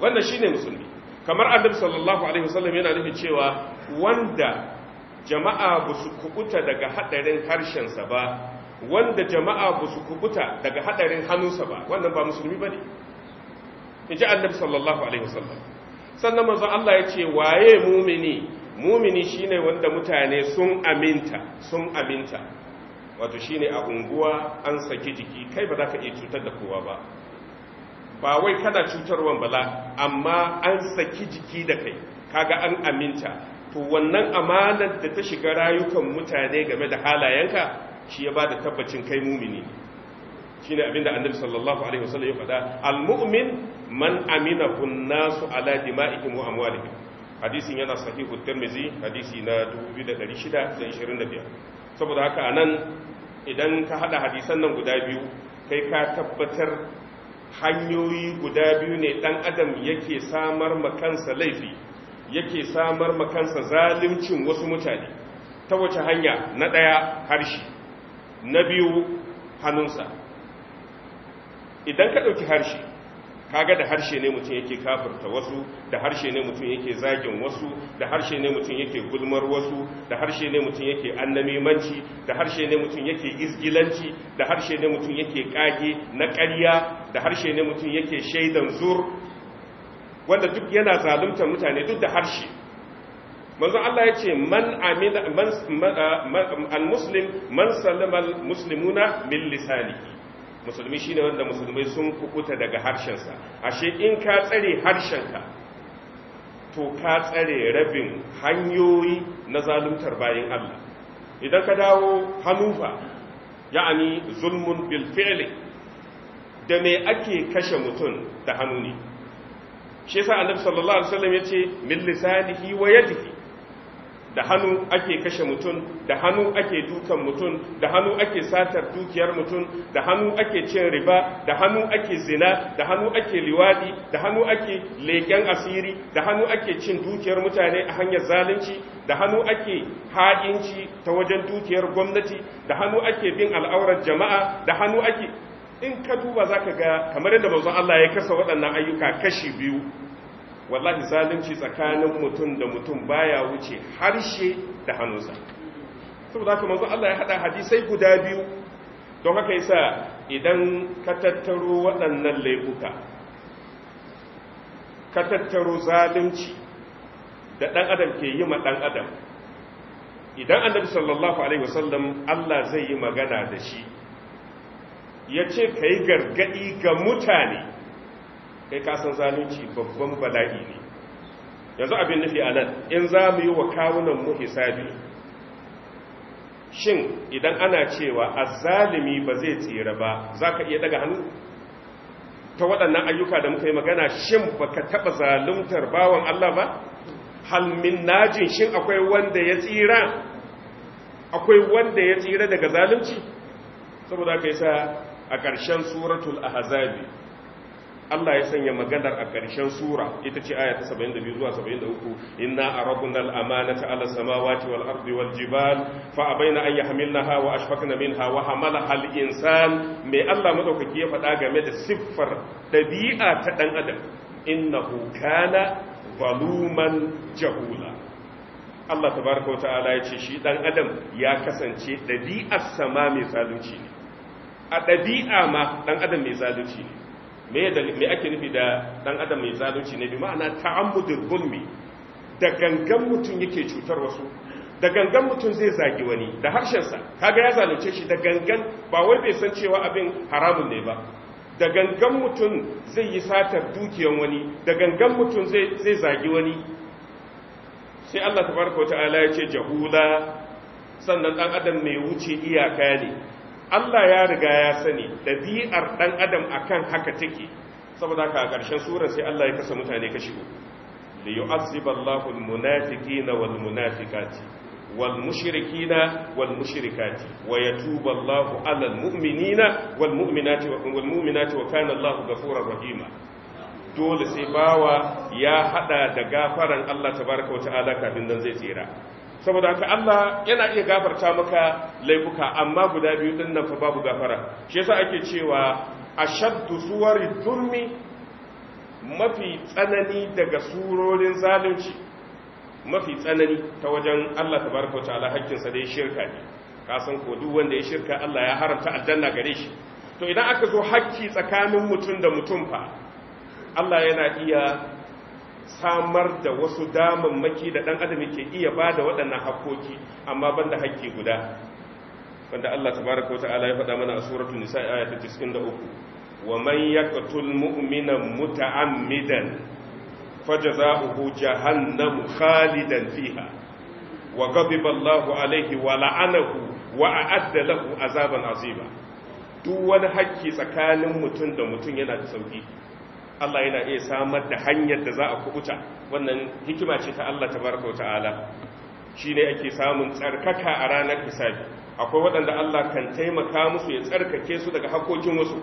wannan shine musulmi kamar annabi sallallahu alaihi wasallam yana nufin cewa wanda jama'a ba su kukuta daga hadarin harshensa ba wanda jama'a ba su kukuta daga hadarin hannunsa ba wannan ba musulmi bane inji annabi sallallahu alaihi wasallam sannan manzon Allah ya ce waye mumini mumini shine wanda mutane sun aminta sun aminta wato shine a unguwa an saki jiki kai ba za ka iya cutar da kowa ba ba wai kana cutarwan bala amma an saki jiki da kai kaga an aminta to wannan amanar da ta shiga rayukan mutane game da halayenka shi ya ba da tabbacin kai mumini shi ne abinda annabi sallallahu alaihi wasallam ya faɗa al-mu'min man aminahu an-nasu ala dima'ihim wa amwalihim hadisin yana sahihu tirmizi hadisi na 2625 saboda haka anan idan ka hada hadisan nan guda biyu kai ka tabbatar hanyoyi guda biyu ne dan adam yake samar kansa laifi yake samar makansa zalimcin wasu mutane ta wace hanya na daya harshe na biyu hannunsa idan ka dauki harshe kaga da harshe ne mutum yake kafirta wasu da harshe ne mutum yake zagin wasu da harshe ne mutum yake gulmar wasu da harshe ne mutum yake annamimanci da harshe ne mutum yake izgilanci da harshe ne mutum yake kage na ƙarya da harshe ne mutum yake shaidan zur wanda duk yana zalunta mutane duk da harshe manzo Allah ya ce man amina man al-muslim man sallama al-muslimuna min lisanihi musulmi shi ne wanda musulmai sun kukuta daga harshensa ashe in ka tsare harshenka to ka tsare rabin hanyoyi na zaluntar bayan Allah idan ka dawo hanufa ya'ani zulmun bilfili da me ake kashe mutum da hannu ne shi yasa annabi sallallahu alaihi wasallam yace min lisanihi wa yadihi da hannu ake kashe mutum da hannu ake dukan mutum da hannu ake satar dukiyar mutum da hannu ake cin riba da hannu ake zina da hannu ake liwadi da hannu ake leƙen asiri da hannu ake cin dukiyar mutane a hanyar zalunci da hannu ake haɗinci ta wajen dukiyar gwamnati da hannu ake bin al'aurar jama'a da hannu ake in ka duba za ka ga kamar yadda manzon Allah ya kasa waɗannan ayyuka kashi biyu wallahi zalunci tsakanin mutum da mutum baya wuce harshe da hannunsa saboda haka manzo Allah ya hada hadisai guda biyu don haka yasa idan ka tattaro waɗannan laifuka ka tattaro zalunci da ɗan adam ke yi ma ɗan adam idan annabi sallallahu alaihi wasallam Allah zai yi magana da shi ya ce ka yi gargaɗi ga mutane kai kasan zalunci babban bala'i ne yanzu abin nufi a nan in za mu yi wa kawunanmu hisabi shin idan ana cewa azalimi ba zai tsira ba za ka iya daga hannu ta waɗannan ayyuka da muka yi magana shin ba ka taɓa zaluntar bawan Allah ba halmin najin shin akwai wanda ya tsira akwai wanda ya tsira daga zalunci saboda ka yi sa a ƙarshen suratul ahazabi. Allah ya sanya maganar a ƙarshen sura ita ce aya ta 72 zuwa 73 inna aradna al-amanata ala samawati wal ardi wal jibal fa abaina an yahmilnaha wa ashfaqna minha wa hamalaha al-insan me Allah madaukaki ya faɗa game da siffar dabi'a ta dan adam innahu kana zaluman jahula Allah tabaraka wa ta'ala ya ce shi dan adam ya kasance dabi'ar sama mai zalunci ne a dabi'a ma dan adam mai zalunci ne me ake nufi da dan adam mai zalunci ne bi ma'ana ta'ammudul zulmi da gangan mutum yake cutar wasu da gangan mutum zai zagi wani da harshen sa kaga ya zalunce shi da gangan ba wai bai san cewa abin haramun ne ba da gangan mutum zai yi satar dukiyan wani da gangan mutum zai zagi wani sai Allah tabaraka ta'ala ya ce jahula sannan dan adam mai wuce iyaka ne Allah ya riga ya sani ɗabi'ar ɗan adam akan haka take saboda haka a ƙarshen sura sai Allah ya kasa mutane ka shigo. li yu'azziba Allahu al-munafiqina wal munafiqati wal mushrikina wal mushrikati wa yatubu Allahu 'ala al-mu'minina wal mu'minati mu'minati wa kana Allahu rahima dole sai bawa ya hada da gafaran Allah baraka wa ta'ala kafin dan zai tsira saboda haka Allah yana iya gafarta maka laifuka amma guda biyu din nan fa babu gafara shi yasa ake cewa ashaddu suwari dhulmi mafi tsanani daga surorin zalunci mafi tsanani ta wajen Allah tabaraka wa ta'ala hakkin sa dai shirka ne ka san ko duk wanda ya shirka Allah ya haramta aljanna gare shi to idan aka zo hakki tsakanin mutum da mutum fa Allah yana iya samar da wasu damammaki da ɗan adam ke iya ba da waɗannan hakkoki amma ban da hakki guda wanda Allah tabaraka ta'ala ya faɗa mana a suratul nisa aya 93 wa man yaqtul mu'mina muta'ammidan fajaza'uhu jahannam khalidan fiha wa ghadiba Allahu alayhi wa la'anahu wa a'adda lahu azaban azima duk wani hakki tsakanin mutum da mutum yana da sauki Allah yana iya samar da hanyar da za a kubuta wannan hikima ce ta Allah tabaraka wa ta'ala shine ake samun tsarkaka a ranar hisabi akwai waɗanda Allah kan taimaka musu ya tsarkake su daga hakokin wasu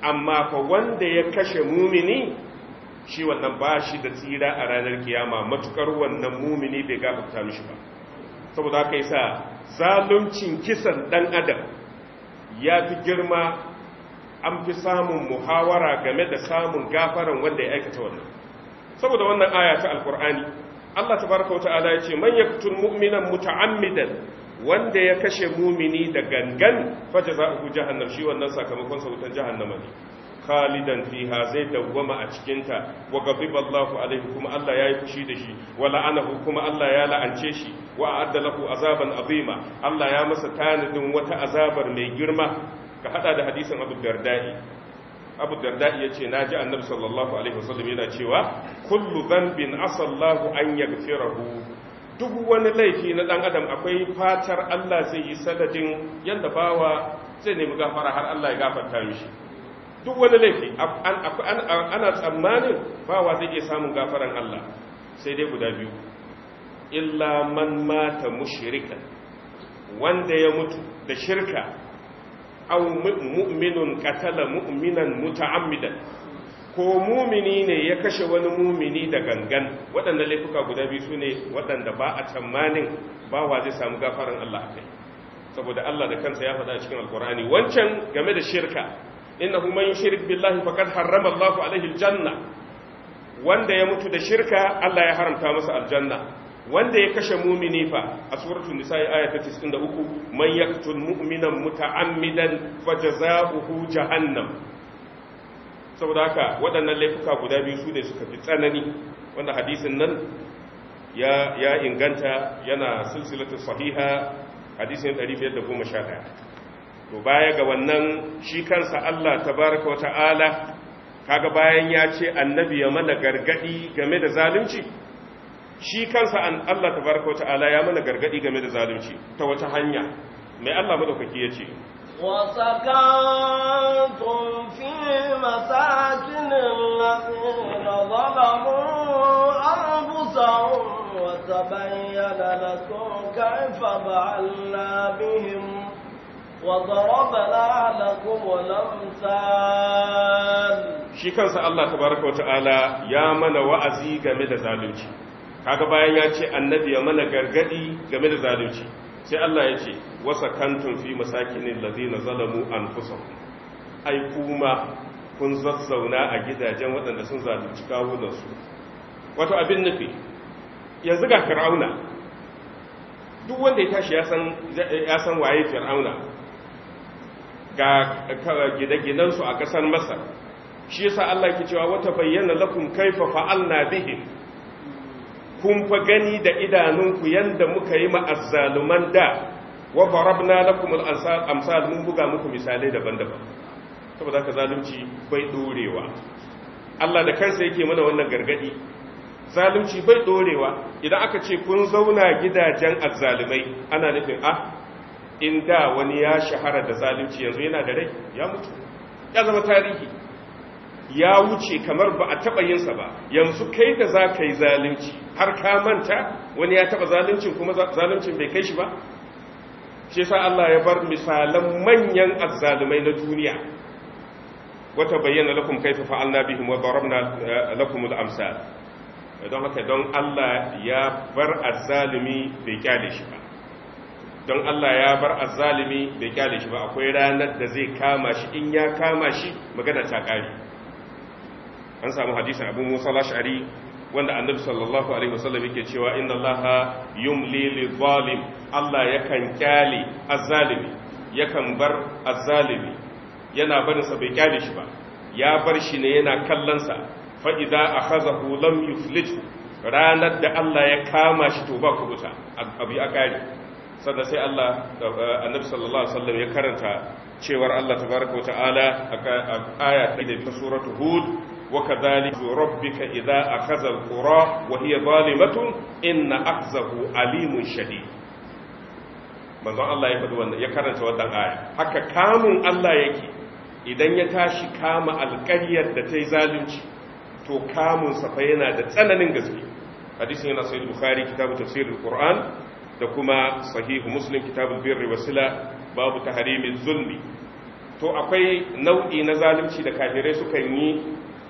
amma fa wanda ya kashe mumini shi wannan ba shi da tsira a ranar kiyama matukar wannan mumini bai gafarta mishi ba saboda haka yasa zaluncin kisan dan adam ya fi girma an fi samun muhawara game da samun gafaran wanda ya aikata wannan saboda wannan aya ta alkur'ani Allah tabaraka wata'ala ya ce man yaqtul mu'minan muta'ammidan wanda ya kashe mumini da gangan fa jazaohu jahannam shi wannan sakamakon sa wutan jahannama ne khalidan fiha zai dawwama a cikin ta wa ghadiba Allahu alaihi kuma Allah yayi fushi da shi wa la'anahu kuma Allah ya la'ance shi wa a'adda lahu azaban azima Allah ya masa tanadin wata azabar mai girma ka hada da hadisin abu dardai abu dardai ya ce na ji annabi sallallahu alaihi wasallam yana cewa kullu zambin asallahu an yaghfirahu duk wani laifi na dan adam akwai fatar Allah zai yi sadadin yanda bawa zai nemi gafara har Allah ya gafarta mishi duk wani laifi ana tsammanin bawa zai iya samun gafaran Allah sai dai guda biyu illa man mata mushrikan wanda ya mutu da shirka aw mu'minun qatala mu'minan muta'ammidan ko mumini ne ya kashe wani mumini da gangan waɗanda laifuka guda biyu sune waɗanda ba a tsammanin bawa zai samu gafaran Allah akai. saboda Allah da kansa ya faɗa cikin alkur'ani wancan game da shirka innahu man yushrik billahi faqad harrama Allahu alaihi aljanna wanda ya mutu da shirka Allah ya haramta masa aljanna wanda ya kashe mumini fa a suratul nisa aya 93 man yaqtul mu'minan muta'ammidan fajaza'uhu jahannam saboda haka waɗannan laifuka guda biyu su ne suka fi tsanani wanda hadisin nan ya ya inganta yana silsilatu sahiha hadisin 511 to baya ga wannan shi kansa Allah tabaaraka wa ta'ala kaga bayan ya ce annabi ya mana gargadi game da zalunci shi kansa an Allah tabaraka wa ta'ala ya mana gargadi game da zalunci ta wata hanya mai Allah madaukaki ya ce shi kansa Allah tabaraka wata'ala ya mana wa'azi game da zalunci kaga bayan ya ce annabi ya mana gargadi game da zalunci sai Allah ya ce wasa kantun fi masakinin ladina zalamu anfusuh ai kuma kun zazzauna a gidajen waɗanda sun zalunci kawunansu wato abin nufi yanzu ga fir'auna duk wanda ya tashi ya san waye fir'auna ga gine-ginensu a ƙasar masar shi yasa Allah ke cewa wata bayyana lakum kaifa fa'alna bihim kun fa gani da idanunku yanda muka yi ma'azzaluman da wa barabna lakum al-amsal mun buga muku misalai daban-daban saboda haka zalunci bai dorewa Allah da kansa yake mana wannan gargadi zalunci bai dorewa idan aka ce kun zauna gidajen azzalumai ana nufin a. Ah, in da wani ya shahara da zalunci yanzu yana da rai ya mutu ya zama tarihi ya wuce kamar ba a taɓa yinsa ba yanzu kai da za ka yi zalunci har ka manta wani ya taɓa zaluncin kuma zaluncin bai kai shi ba shi sa Allah ya bar misalan manyan azzalumai na duniya wata bayyana lakum kaifa fa'alna bihim wa darabna eh, lakum al-amsal don haka don Allah ya bar azzalumi bai kyale shi ba don Allah ya bar azzalumi bai kyale shi ba akwai ranar da zai kama shi in ya kama shi magana ta kare an samu hadisin abu musa lashari wanda annabi sallallahu alaihi wasallam yake cewa inna allaha yumli lizalim allah yakan kyale azzalimi yakan bar azzalimi yana barin sa bai kyale shi ba ya bar shi ne yana kallon sa fa idza akhazahu lam yuflithu ranar da allah ya kama shi to ba kubuta abu ya kare sannan sai allah annabi sallallahu alaihi wasallam ya karanta cewar allah tabaraka wa ta'ala a aya ta suratul hud وكذلك ربك إذا أخذ القرى وهي ظالمة إن أخذه عليم شديد manzon Allah ya faɗi wannan ya karanta wannan aya haka kamun Allah yake idan ya tashi kama alƙaryar da ta yi zalunci to kamun safa yana da tsananin gaske hadisin yana sahih bukhari kitabu tafsir alquran da kuma sahih muslim kitabul birri wasila babu tahrimiz zulmi to akwai nau'i na zalunci da kafirai sukan yi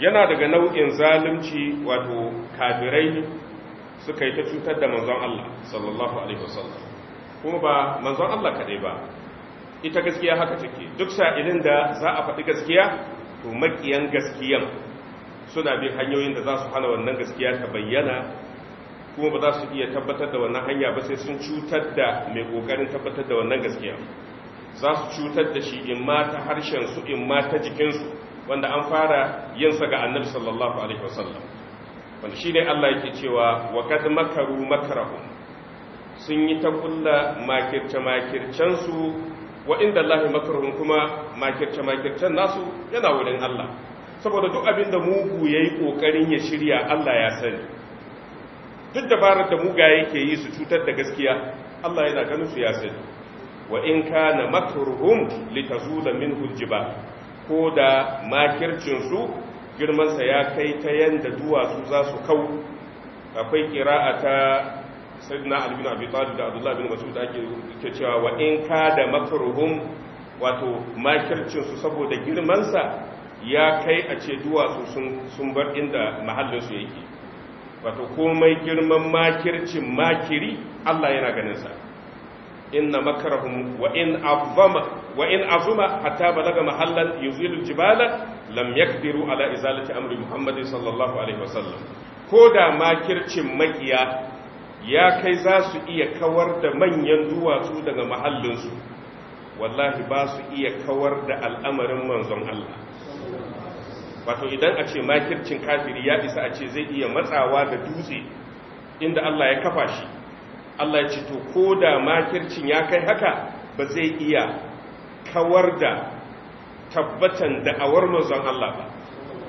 yana daga nau'in zalunci wato kafirai suka yi ta cutar da manzon Allah sallallahu alaihi wasallam kuma ba manzon Allah kadai ba ita gaskiya haka take duk sa'ilin da za a faɗi gaskiya to makiyan gaskiyan suna bin hanyoyin da za su hana wannan gaskiya ta bayyana kuma ba za su iya tabbatar da wannan hanya ba sai sun cutar da mai kokarin tabbatar da wannan gaskiya za su cutar da shi in ma ta su, in ma ta jikinsu wanda an fara yinsa ga annabi sallallahu alaihi wasallam wanda shine Allah yake cewa wa kad makaru makrahum sun yi ta kulla makirce makircen su wa inda Allah kuma makirce makircen nasu yana wurin Allah saboda duk abin da mugu yayi kokarin ya shirya Allah ya sani duk dabarar da mugaye ke yi su cutar da gaskiya Allah yana ganin su ya sani wa in kana makruhum litazuda minhu jibal ko da makircinsu girmansa ya kai ta yanda duwatsu za su kau akwai a ta sayyidina albin abi da abdullahi bin da ake ke cewa wa in ka da makruhum wato makircinsu saboda girmansa ya kai a ce duwatsu sun bar inda mahallinsu yake wato komai girman makircin makiri Allah yana ganinsa inna makrahum wa in azama wa in azuma hatta balaga mahallan yuzilu jibala lam yakdiru ala izalati amri muhammadin sallallahu alaihi wasallam ko da makircin makiya ya kai za su iya kawar da manyan duwatsu daga mahallinsu wallahi ba su iya kawar da al'amarin manzon Allah wato idan a ce makircin kafiri ya isa a ce zai iya matsawa da dutse inda Allah ya kafa shi Allah ya ce to ko da makircin ya kai haka ba zai iya kawar da tabbatan da'awar manzon Allah ba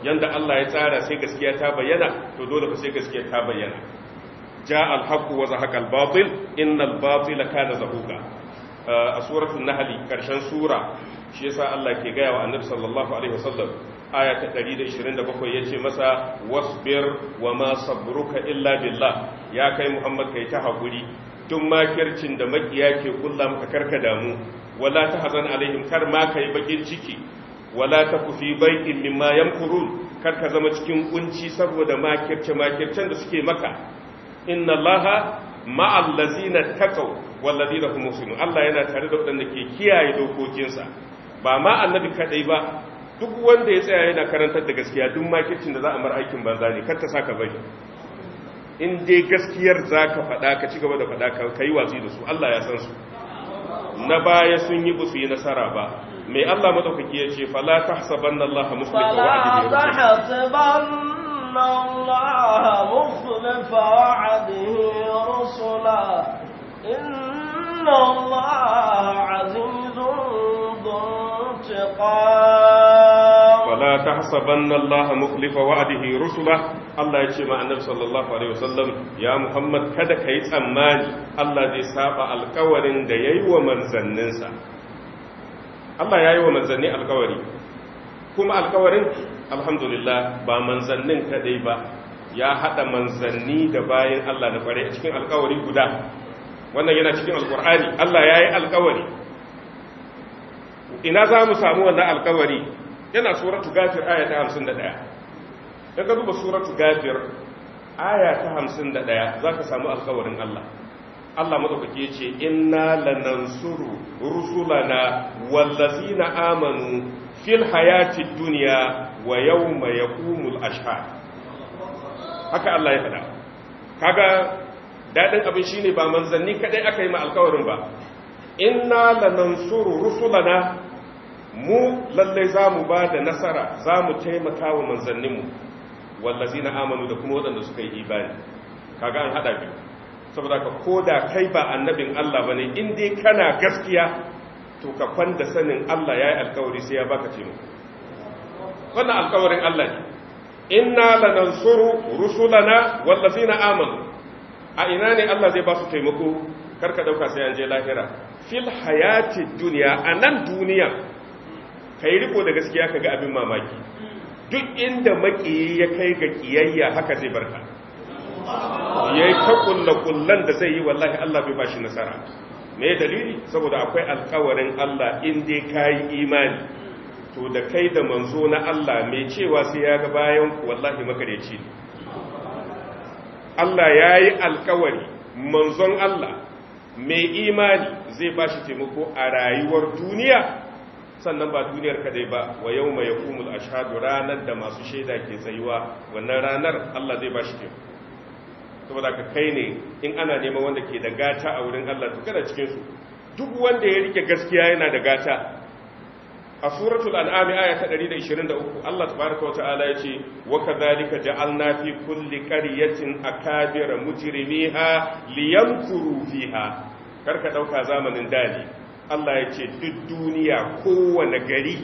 yanda Allah ya tsara sai gaskiya ta bayyana to dole fa sai gaskiya ta bayyana ja al-haqu wa zahaqa al innal batila kana zahuqa uh, a suratul nahl karshen sura shi yasa Allah ke gaya wa annabi sallallahu alaihi wasallam aya ta 127 yace masa wasbir wa ma sabruka illa billah ya kai Muhammad kai ta hakuri tun makircin da makiya ke kulla maka karka damu wala ta hazan alaihim kar ma kai bakin ciki wala ta kufi baikin mimma yamkurun kar ka zama cikin kunci saboda makirce makircen da suke maka inna allaha ma lazina taqaw wal ladina hum Allah yana tare da waɗanda ke kiyaye dokokinsa ba ma annabi kadai ba duk wanda ya tsaya yana karantar da gaskiya duk makircin da za a mar aikin banza ne kar ta saka bari in dai gaskiyar za ka faɗa ka ci gaba da faɗa ka yi watsi da su Allah ya san su na baya sun yi busu yi nasara ba mai Allah madaukaki ya ce fala tahsabanna Allah muslima wa'adihi fala tahsabanna Allah wa'adihi تحسبن الله مخلف وعده رسله الله يجي مع النبي صلى الله عليه وسلم يا محمد kada kai tsammani Allah zai saba alƙawarin da yayi wa manzanninsa Allah wa manzanni alƙawari kuma alƙawarin alhamdulillah ba manzannin kadai ba ya hada manzanni da bayin Allah da kware cikin alƙawari guda wannan yana cikin alƙur'ani Allah yayi alƙawari ina za mu samu wannan alƙawari yana suratu gafir aya ta 51 daga duba suratu gafir aya ta 51 ka samu alkawarin Allah Allah madaukake yace inna lanansuru rusulana wallazina amanu fil hayati dunya wa yawma yaqumul ashhad haka Allah ya faɗa kaga daɗin abin shi ne ba manzanni kaɗai aka yi ma alkawarin ba inna lanansuru rusulana mu lallai za mu ba da nasara za mu taimaka wa manzanninmu wallazi na amanu da kuma waɗanda suka yi ibani kaga an haɗa biyu saboda ka da kai ba annabin Allah ba ne in dai kana gaskiya to ka kwanda sanin Allah ya yi alkawari sai ya baka muku wannan alkawarin Allah ne inna lanansuru rusulana wallazi na amanu a ina ne Allah zai ba su taimako karka ɗauka sai an je lahira fil hayati duniya a nan duniya kai riko da gaskiya ka ga abin mamaki duk inda maki ya kai ga kiyayya haka zai barka ya ta kulla da zai yi wallahi Allah bai bashi nasara me dalili saboda akwai alkawarin Allah in dai yi imani to da kai da manzo na Allah mai cewa sai ya ga bayan wallahi makareci Allah ya yi alkawari manzon Allah mai imani zai bashi taimako a rayuwar duniya sannan ba duniyar kadai ba wa yau mai a ashadu ranar da masu shaida ke tsayuwa wannan ranar Allah zai ba shi ke saboda ka kai ne in ana neman wanda ke da gata a wurin Allah to kada cikin su duk wanda ya rike gaskiya yana da gata a suratul an'am aya ta 123 Allah tabaaraka wa ta'ala yace wa kadhalika ja'alna fi kulli qaryatin akabira mujrimiha liyamkuru fiha karka dauka zamanin dali Allah ya ce duk duniya kowane gari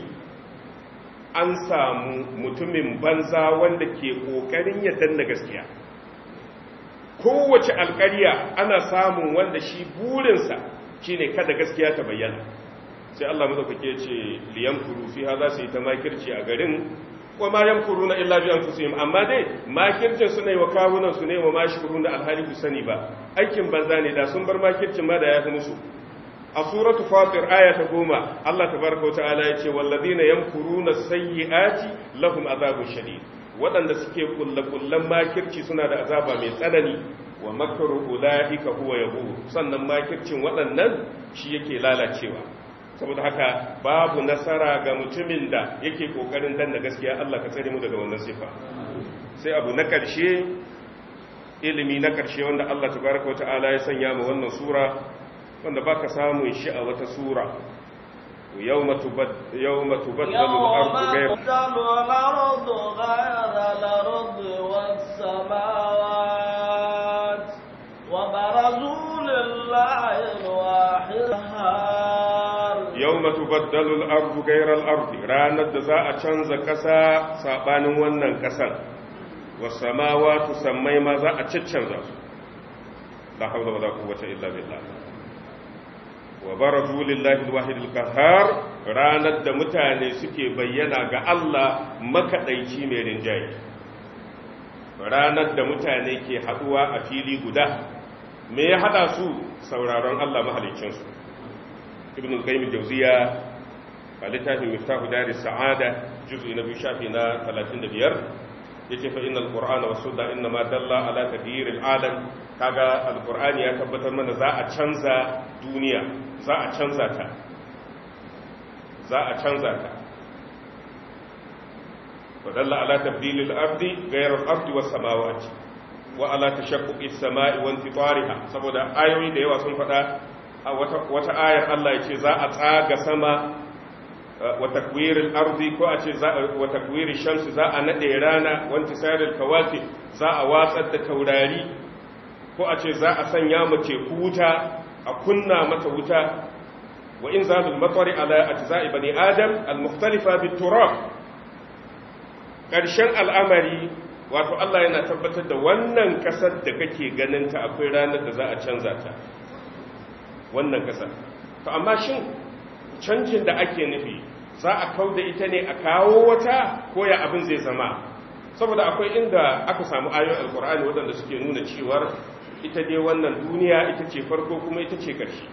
an samu mutumin banza wanda ke ƙoƙarin ya danna gaskiya kowace alƙariya ana samun wanda shi burinsa shi ne kada gaskiya ta bayyana sai Allah kake ce liyan kuru fi ha za su yi ta makirci a garin wa ma kuru na illa an anfusihim amma dai makircin su ne wa kawunan su ne wa ma kuru na alhali ku sani ba aikin banza ne da sun bar makircin ma da ya fi musu a suratu fatir aya ta goma Allah ta tabaraka wata'ala ya ce na wallazina yamkuruna sayyi'ati lahum azabun shadid waɗanda suke kullakullan makirci suna da azaba mai tsanani wa makaru ula'ika huwa yahu sannan makircin waɗannan shi yake lalacewa saboda haka babu nasara ga mutumin da yake kokarin danna gaskiya Allah ka tsare mu daga wannan sifa sai abu na ƙarshe ilimi na ƙarshe wanda Allah tabaraka ta'ala ya sanya mu wannan sura wanda baka samun shi a wata sura yau تبد يوم تبدل الأرض غير الأرض غير الأرض والسماوات وبرزوا لله الواحد يوم تبدل الأرض غير الأرض راند زاء تشنز كسا سابان ونن كسا والسماوات سمي ما زاء تشنز لا حول ولا قوة إلا بالله wa barazu lillahi alwahidil qahhar ranar da mutane suke bayyana ga Allah makadaici mai rinjaye ranar da mutane ke haduwa a fili guda me ya hada su sauraron Allah mahalicin su ibn al-qayyim jawziya a littafin miftahu daris sa'ada juz'i na biyu shafi na 35 yace fa innal qur'ana was sunna inma dalla ala taghyir al alam kaga al qur'ani ya tabbatar mana za a canza duniya za a canza ta za a canza ta fa dalla ala tabdil al ardi ghayr al ardi was samawati wa ala tashaqquq as samai wa intitariha saboda ayoyi da yawa sun faɗa a wata ayar Allah yace za a tsaga sama wa takwirin arzi ko a ce wa takwirin shamsu za a naɗe rana wanti sayar kawaki za a watsar da taurari ko a ce za a sanya mace wuta a kunna mata wuta wa in zaɓin matsari ala a bani adam al-muhtalifa bi turab al'amari wato Allah yana tabbatar da wannan ƙasar da kake ganin ganinta akwai ranar da za a canza ta wannan ƙasar to Cancin da ake nufi za a kau da ita ne a kawo wata koya abin zai zama saboda akwai inda aka samu ayoyin alkur'ani waɗanda suke nuna cewar ita dai wannan duniya ita ce farko kuma ita ce ƙarshe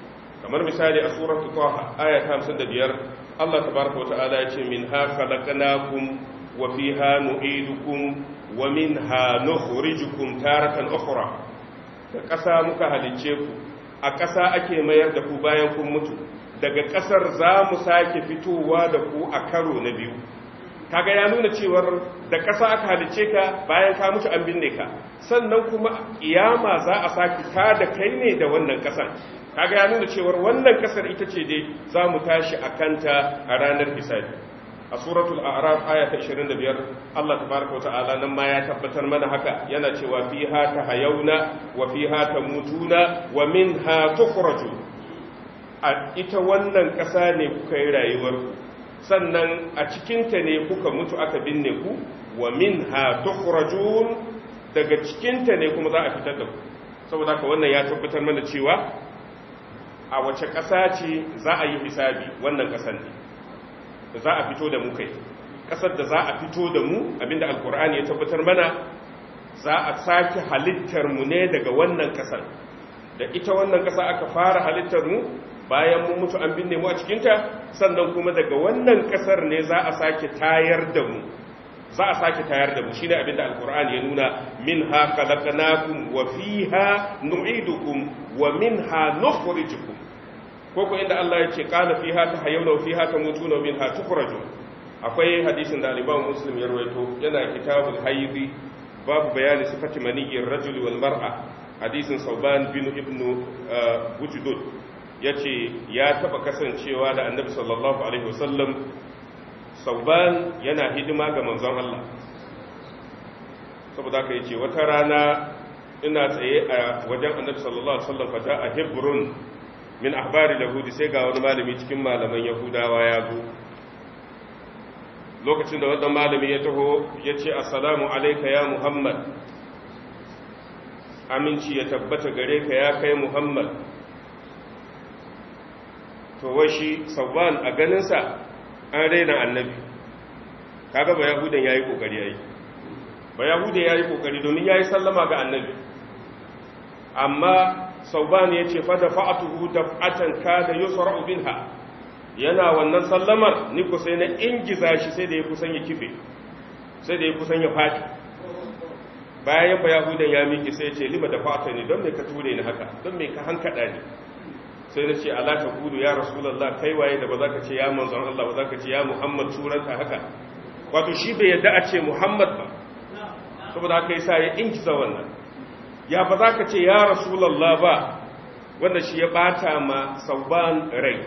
kamar misali a tsoron tukawa aya ta hamsin da biyar allah ta baraka wata ala ya ce min ha khalaqnakum wa fiha nu'idukum wa min ha nukhrijukum taratan ukhra da ƙasa muka halicce ku a ƙasa ake mayar da ku bayan kun mutu daga ƙasar za mu sake fitowa da ku a karo na biyu kaga ya nuna cewar da ƙasa aka halice ka bayan ka mutu an binne ka sannan kuma iyama za a sake ta da kai ne da wannan ƙasar kaga ya nuna cewar wannan ƙasar ita ce dai za mu tashi a kanta a ranar hisabi a suratul a'raf aya ta 25 Allah wa ta'ala nan ma ya tabbatar mana haka yana cewa fiha tahayuna wa fiha tamutuna wa minha tukhrajun a ita wannan ƙasa ne kuka yi rayuwarku sannan a cikinta ne kuka mutu aka binne ku wa min ha tukhrajun daga cikinta ne kuma za a fitar da ku saboda haka wannan ya tabbatar mana cewa a wace ƙasa ce za a yi hisabi wannan ƙasar ne da za a fito da mu kai ƙasar da za a fito da mu abinda alkur'ani ya tabbatar mana za a sake halittar mu ne daga wannan ƙasar da ita wannan ƙasa aka fara halittar mu bayan mu mutu an binne mu a cikinta sannan kuma daga wannan kasar ne za a sake tayar da mu za a sake tayar da mu ne abinda alqur'ani ya nuna ha kalakanakun wa fiha nu'idukum wa nufurijikun. Ko koko inda Allah ya ce qala fiha tahayyuna wa fiha tamutuna wa ha tukhrajun akwai hadisin da al-Imam Muslim ya rawaito yana kitabul hayd babu bayani sifati maniyyi rajuli wal mar'a hadisin Sauban bin ibnu eh, Wujudud ya ce ya taba kasancewa da annabi sallallahu alaihi wasallam sauban yana hidima ga manzon Allah saboda ka ce wata rana ina tsaye a wajen annabi sallallahu alaihi wasallam fata a hebron min ahbari yahudi sai ga wani malami cikin malaman yahudawa ya zo lokacin da wannan malami ya taho ya ce assalamu alayka ya muhammad aminci ya tabbata gare ka ya kai muhammad to wai shi sauban a ganinsa an raina annabi kaga ba yahudan ya yi kokari ya yi ba yahudan ya yi kokari domin ya yi sallama ga annabi amma sauban ya ce fada fa'atuhu da fa'atan ka da ubin ha yana wannan sallamar ni ku sai na ingiza shi sai da ya kusan ya kife sai da ya kusan ya fati bayan ba yahudan ya miki sai ya ce liba da ne don me ka ture ni haka don me ka hankada ni sai na ce alaka kudu ya rasulallah kai waye da ba za ka ce ya manzan Allah ba za ka ce ya Muhammad turanta haka wato shi bai yadda a ce Muhammad ba saboda haka yasa ya inkisa wannan ya ba za ka ce ya rasulallah ba wanda shi ya bata ma sauban rai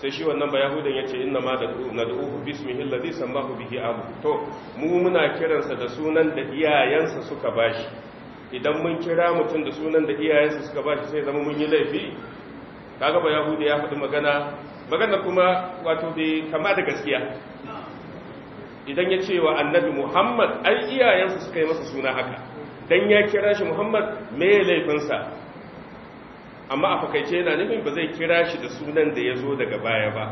sai shi wannan ba yahudan ya ce inna ma da nad'uhu bismihi alladhi sammahu bihi abu to mu muna kiransa da sunan da iyayensa suka bashi idan mun kira mutum da sunan da iyayensu suka ba shi sai zama mun yi laifi kaga ba yahudi ya faɗi magana magana kuma wato bai kama da gaskiya idan ya ce annabi muhammad ai iyayensu suka yi masa suna haka dan ya kira shi muhammad me laifinsa amma a fakaice yana nufin ba zai kira shi da sunan da ya zo daga baya ba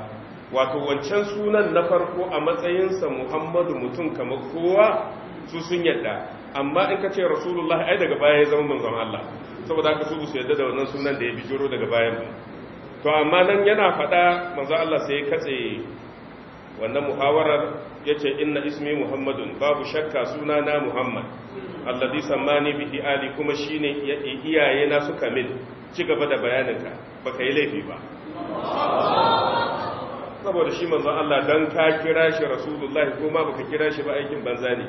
wato wancan sunan na farko a matsayinsa muhammadu mutum kamar kowa su sun yadda amma in ka ce rasulullah ai daga baya ya zama manzon Allah saboda haka su su yadda da wannan sunan da ya bijiro daga bayan to amma nan yana faɗa manzon Allah sai ya katse wannan muhawarar yace inna ismi muhammadun babu shakka sunana na muhammad alladhi sammani bihi ali kuma shine iyaye na suka min ci gaba da bayaninka baka yi laifi ba saboda shi manzo Allah dan ka kira shi rasulullahi ko ma baka kira shi ba aikin banza ne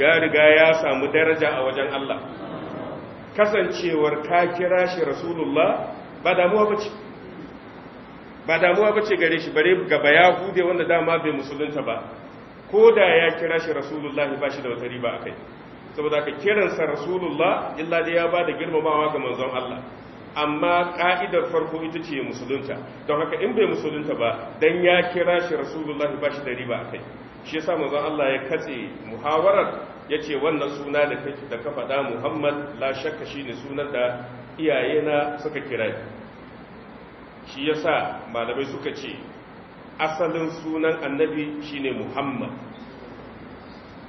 ya riga ya samu daraja a wajen Allah kasancewar ka kira shi rasulullah ba damuwa bace ba damuwa bace gare shi bare ga bayahude wanda dama bai musulunta ba ko da ya kira shi rasulullahi ba shi da wata riba akai saboda ka kiransa rasulullah illa dai ya ba da girmamawa ga manzon Allah amma ka'idar farko ita ce musulunta don haka in bai musulunta ba dan ya kira shi rasulullahi ba shi da riba kai, shi yasa manzon Allah ya katse muhawarar yace wannan suna da kake da kafa da Muhammad la shakka shi ne sunan da iyayena suka kira shi yasa malamai suka ce asalin sunan annabi shine Muhammad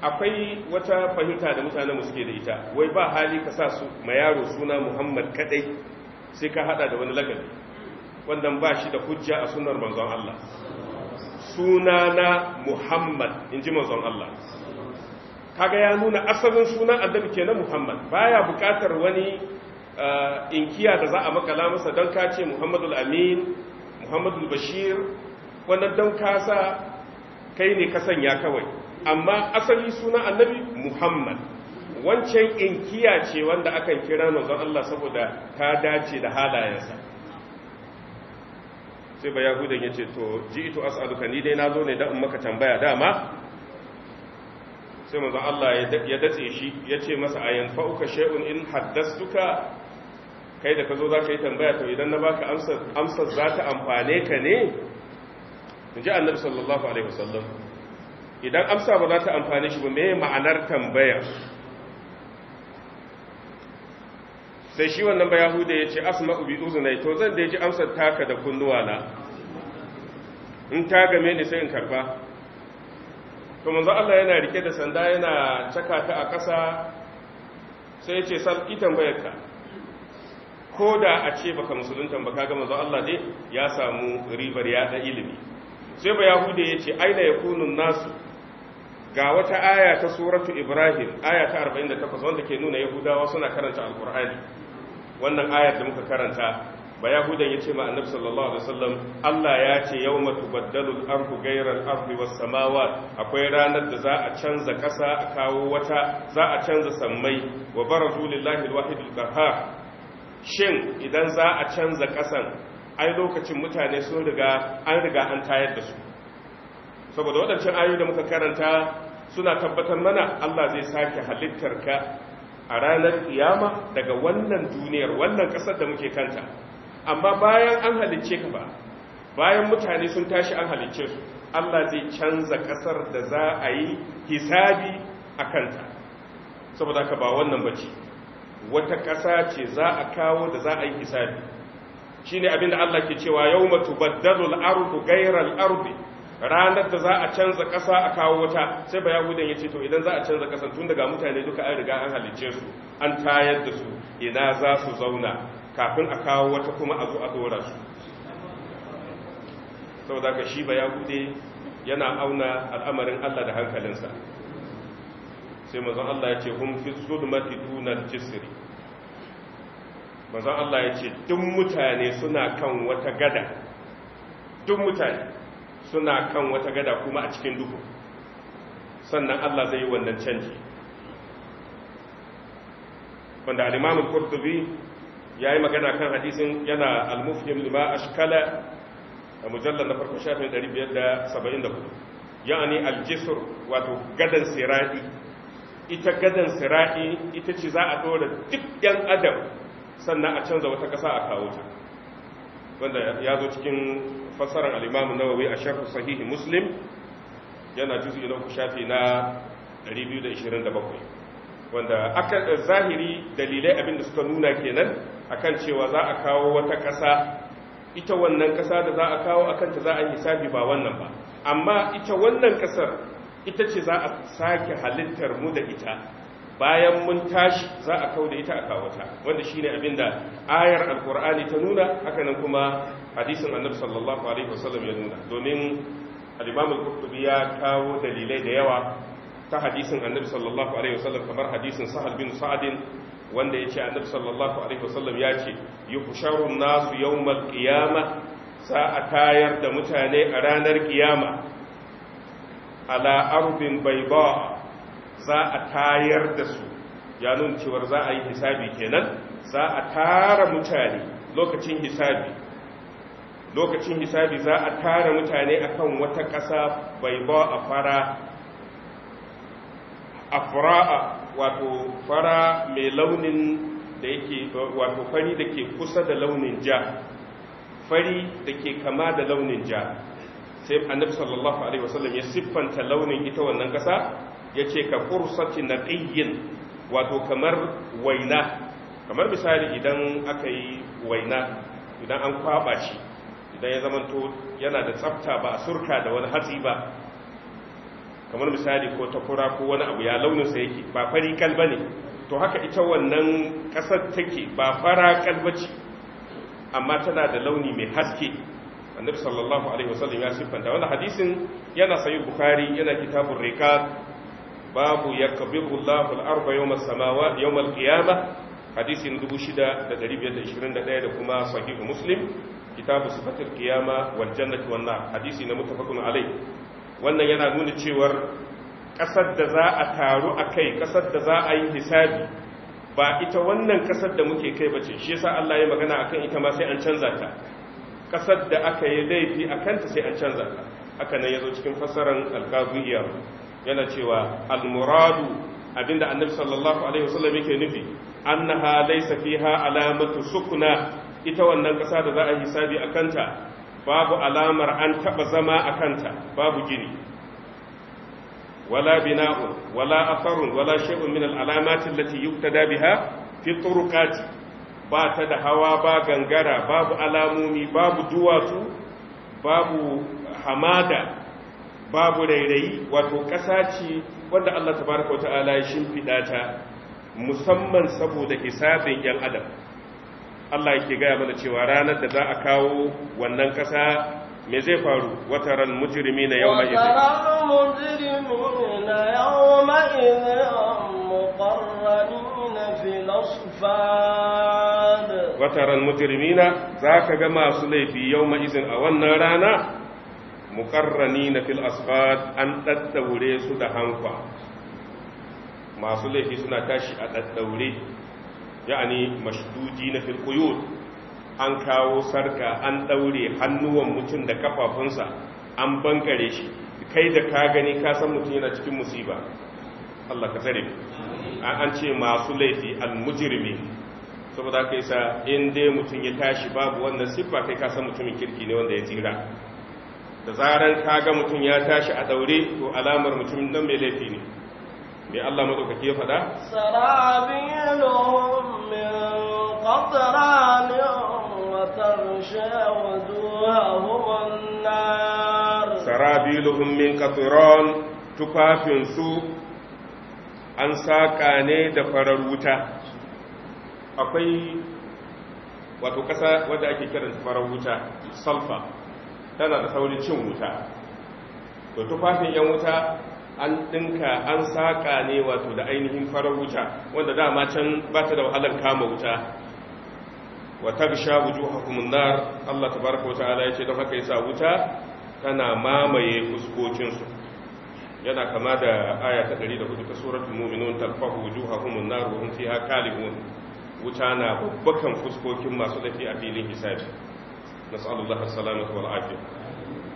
akwai wata fahimta da mutanen suke da ita wai ba hali ka sa su ma yaro suna Muhammad kadai sai ka hada da wani lagari wannan ba shi da hujja a sunar manzon Allah sunana Muhammad in ji manzon Allah kaga ya nuna asalin sunan annabi na Muhammad baya bukatar wani eh, inkiya da za a makala masa don ka ce Muhammadul Amin Muhammadul Bashir wannan don ka sa kai ne ka sanya kawai amma asali sunan annabi Muhammad wancan inkiya ce wanda akan kira manzon Allah saboda ta dace da halayensa sai ba yahudan ya ce to ji ito as'aluka ni dai na zo ne da in maka tambaya dama sai manzon Allah ya datse shi ya ce masa a uka sha'un in haddastuka kai da kazo ka yi tambaya to idan na baka amsar za ta amfane ka ne ji annabi sallallahu alaihi wasallam idan amsa ba za ta amfane shi ba me ma'anar tambaya sai shi wannan ba yahuda ya ce asma'u bi uzunai to zan da ji amsar taka da kunnuwa na in ta game ni sai in karba to manzo Allah yana rike da sanda yana caka ta a ƙasa sai ya ce sal ki tambayarka ko da a ce baka musulunta ba kaga manzo Allah ne? ya samu ribar ya da ilimi sai ba yahuda ya ce aina yakunun nasu ga wata aya ta suratu ibrahim aya ta 48 wanda ke nuna yahudawa suna karanta alkur'ani wannan ayar da muka karanta ba yahudan ya ce ma annabi sallallahu alaihi wasallam Allah ya ce yawma tubaddalu al-ardu ghayra al-ardi was-samawat akwai ranar da za a canza kasa a kawo wata za a canza sammai wa barazu lillahi al-wahid al-qahhar shin idan za a canza kasan ai lokacin mutane sun riga an riga an tayar da su saboda waɗancan ayoyi da muka karanta suna tabbatar mana Allah zai sake halittar ka a ranar kiyama daga wannan duniyar wannan ƙasar da muke kanta amma bayan an halicce ka ba bayan mutane sun tashi an halicce su Allah zai canza ƙasar da za a yi hisabi a kanta saboda ka ba wannan bace wata ƙasa ce za a kawo da za a yi hisabi shine abinda Allah ke cewa yawma tubaddalu al-ardu ghayra al-ardi ranar da za a canza ƙasa a kawo wata sai ba yahudan ya ce to idan za a canza ƙasan tun daga mutane duka an riga an halicce su an tayar da su ina za su zauna kafin a kawo wata kuma a zo a dora su da ka shi ba yahude yana auna al'amarin Allah da hankalinsa sai mazan Allah ya ce hun fi zulmati dunar jisiri mazan Allah ya ce duk mutane suna kan wata gada duk mutane suna kan wata gada kuma a cikin duhu sannan Allah zai yi wannan canji wanda al-Imam Qurtubi yayi magana kan hadisin yana al-mufhim lima ashkala a mujallal na farko shafin 574 yani al-jisr wato gadan sirai ita gadan sirai ita ce za a dora duk yan adam sannan a canza wata ƙasa a kawo ta wanda ya zo cikin fassarar alimamu na wawai a shafi sahihi Muslim yana idan na shafi na 227 wanda aka eh, zahiri dalilai abinda suka nuna kenan akan cewa za a kawo wata ƙasa ita wannan ƙasa da za a kawo akanta za a yi hisabi ba wannan ba amma ita wannan ƙasar ita ce za a sake halittar mu da ita bayan mun tashi za a kau da ita a kawata wanda shi ne abin da ayar alkur'ani ta nuna hakanan kuma hadisin annabi sallallahu alaihi wasallam ya nuna domin al-imam al-qurtubi ya kawo dalilai da yawa ta hadisin annabi sallallahu alaihi wasallam kamar hadisin sahal bin sa'adin wanda yace annabi sallallahu alaihi wasallam ya ce yuhsharu an-nasu yawmal qiyamah za a tayar da mutane a ranar kiyama ala arbin bayda za a tayar da su ya nun cewar za a yi hisabi kenan za a tara mutane lokacin hisabi lokacin hisabi za a tara mutane akan wata ƙasa bai ba a fara a fara'a wato fara mai launin da yake wato fari da ke kusa da launin ja fari da ke kama da launin ja sai annabi sallallahu alaihi wasallam ya siffanta launin ita wannan ƙasa Ya ce ka fursati naqiyin wato kamar waina kamar misali idan aka yi waina idan an kwaba shi idan ya zamanto yana da tsafta ba a surka da wani hatsi ba kamar misali ko takura ko wani abu ya launinsa yake ba fari kalba ne to haka ita wannan ƙasar take ba fara kalba ce amma tana da launi mai haske annabi sallallahu alaihi wasallam ya siffanta wannan hadisin yana sahih bukhari yana kitabur riqab babu yakbidu Allahu al-arba yawm as-samawa yawm al hadisi na 6521 da kuma sahih muslim kitabu sifatul qiyama wal jannati wan nar hadisi na muttafaqun alai wannan yana nuna cewar kasar da za a taru a kai kasar da za a yi hisabi ba ita wannan kasar da muke kai bace shi yasa Allah ya magana akan ita ma sai an canza ta kasar da aka yi laifi akan ta sai an canza ta haka nan yazo cikin fasaran al-qadiyya yana cewa al-muradu abinda annabi sallallahu alaihi wasallam yake nufi annaha laysa fiha alamatu sukuna ita wannan kasa da za a hisabi akanta babu alamar an taba zama akanta babu gini wala bina'un wala atharun wala shay'un min al-alamati allati yuktada biha fi turuqati ba ta da hawa ba gangara babu alamomi babu duwatsu babu hamada babu rairayi wato ƙasa ce wanda Allah tabaraka wa ta'ala ya shimfiɗa ta musamman saboda hisabin yan adam Allah yake gaya mana cewa ranar da za a kawo wannan ƙasa me zai faru wataran mujrimi na yau mai wataran mujrimi na za ka ga masu laifi yau mai a wannan rana muƙarrani na fil asfad an ɗaɗɗaure su da hankwa masu laifi suna tashi a ɗaɗɗaure ya'ani mashduji na fil quyud an kawo sarka an ɗaure hannuwan mutum da kafafunsa an bankare shi kai da ka gani ka san mutum yana cikin musiba Allah ka tsare an ce masu laifi al-mujrimi saboda kai sa in dai mutum ya tashi babu wannan siffa kai ka san mutumin kirki ne wanda ya tsira da zarar ka ga mutum ya tashi a daure to alamar mutum nan mai laifi ne mai Allah madaukake ya faɗa sarabiluhum min wa min qatran tufafin su an saƙa ne da farar wuta akwai wato ƙasa wadda ake kiranta farar wuta sulfur tana da saurin cin wuta to tufafin yan wuta an dinka an saka ne wato da ainihin farar wuta wanda dama can ba ta da wahalar kama wuta wa tagsha wujuhakum nar Allah tabaraka wataala yace don haka yasa wuta tana mamaye fuskokin yana kama da aya ta 104 ta suratul mu'minun talfahu wujuhakum nar wa hum fiha kalibun wuta na babbakan fuskokin masu dafi a filin hisabi nas'alullah as-salamata wal afiya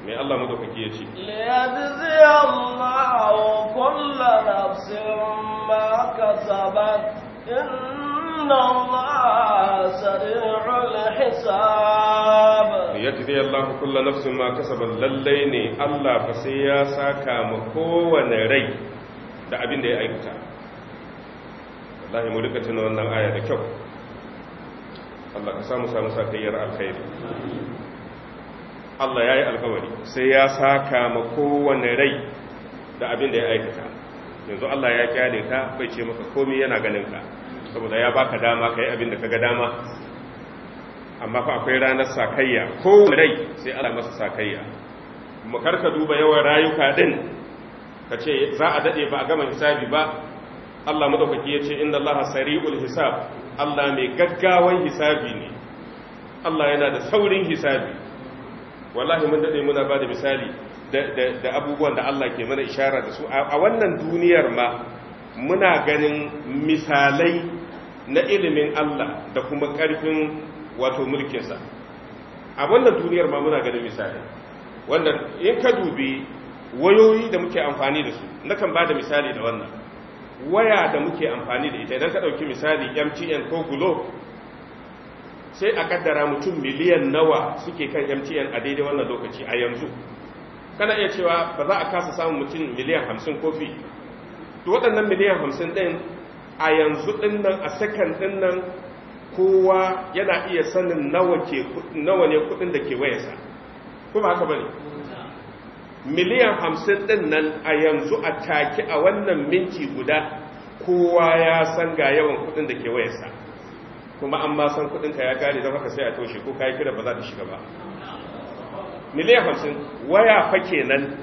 mai Allah madaukaki yace liyabzi Allahu kullu nafsin ma kasabat inna Allah sari'ul hisab liyabzi Allahu kullu nafsin ma kasabat lallai ne Allah fa ya saka mu kowane rai da abin da ya aikata wallahi mu rika tuna wannan aya da kyau Allah ka samu samu sakayyar alkhairi Allah ya yi alkawari sai ya saka ma kowane rai da abin da ya aikata yanzu Allah ya kyale ka bai ce maka komai yana ganin ka saboda ya baka dama kai abin da ka ga dama amma fa akwai ranar sakayya kowane rai sai Allah masa sakayya mu karka duba yawan rayuka din ka ce za a dade ba a gama hisabi ba Allah madaukaki ya ce inna Allah sari'ul hisab Allah mai gaggawan hisabi ne Allah yana da saurin hisabi wallahi mun dade muna ba da misali da abubuwan da Allah ke mana ishara da su a wannan duniyar ma muna ganin misalai na ilimin Allah da kuma karfin wato mulkinsa a wannan duniyar ma muna ganin misalai wannan in ka dubi wayoyi da muke amfani da su nakan da misali da wannan waya da muke amfani da ita idan ka ɗauki misali mtn ko gulo sai a kaddara mutum miliyan nawa suke kan mtn a daidai wannan lokaci a yanzu kana iya cewa ba za a kasa samun mutum miliyan hamsin kofi to waɗannan miliyan hamsin ɗin a yanzu ɗin nan a sakan ɗin nan kowa yana iya sanin nawa ne kuɗin da ke wayarsa kuma haka bane miliyan hamsin ɗin nan a yanzu a take a wannan minti guda kowa ya san ga yawan kuɗin da ke wayarsa kuma an ma san kuɗinka ya kare don haka sai a toshe ko kayi kira ba za ta shiga ba miliyan hamsin waya fa kenan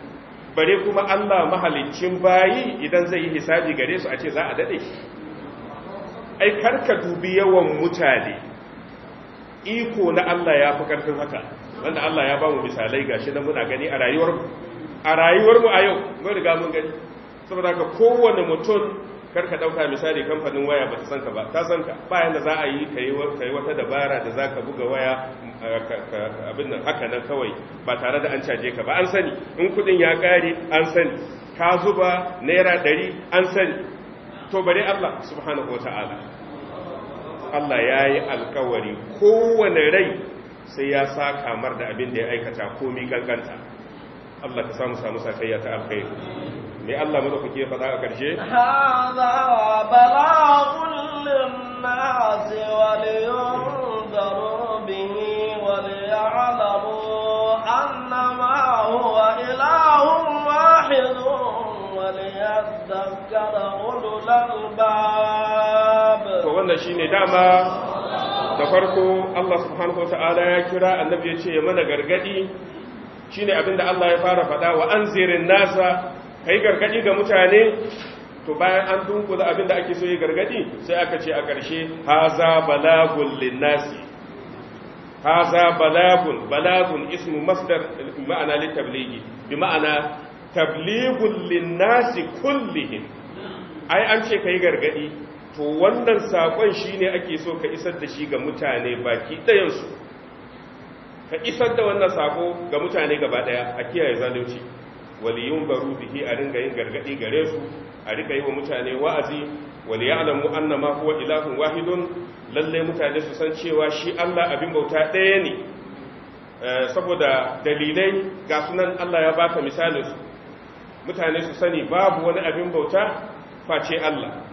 bare kuma allah mahalicin bayi idan zai yi hisabi gare su a ce za a daɗe ai karka dubi yawan mutane iko na allah ya fi ƙarfin haka wanda allah ya ba mu misalai gashi na muna gani a rayuwar a rayuwarmu a yau mun riga mun gani saboda ka kowane mutum karka ɗauka misali kamfanin waya ba ta san ka ba ta san ka bayan da za a yi ka yi wata dabara da za ka buga waya abin nan haka nan kawai ba tare da an caje ka ba an sani in kudin ya ƙare an sani ka zuba naira ɗari an sani to bare allah subhanahu wa ta'ala allah ya yi alkawari kowane rai sai ya sa kamar da abin da ya aikata komi kankanta Allah ka samu samu sakayya ta alkhairi me Allah madaukake ya faɗa a ƙarshe hadha bala'un lin-nas wa liyunzaru bihi wa liya'lamu annama huwa ilahun wahidun wa liyadhakkara ulul albab to wannan shine dama da farko Allah subhanahu wa ta'ala ya kira annabi ya ce mana gargadi shine abinda Allah ya fara faɗa wa zirin nasa ka yi gargadi ga mutane to bayan an dunkula abinda ake so yi gargadi sai aka ce a ƙarshe haza balagun linnasi haza balagun balagun ismu masdar ma'ana litabligi bi ma'ana tabligun linnasi kullihin ai an ce ka yi gargadi to wannan saƙon sakon shine ake so ka isar da shi ga mutane baki ɗayansu ka isar da wannan sako ga mutane gaba daya a kiyaye zalunci waliyun baru bihi a ringa yin gargadi gare su a rika yi wa mutane wa'azi wal ya'lamu anna huwa ilahun wahidun lalle mutane su san cewa shi Allah abin bauta ɗaya ne eh, saboda dalilai ga sunan Allah ya baka misalin su mutane su sani babu wani abin bauta face Allah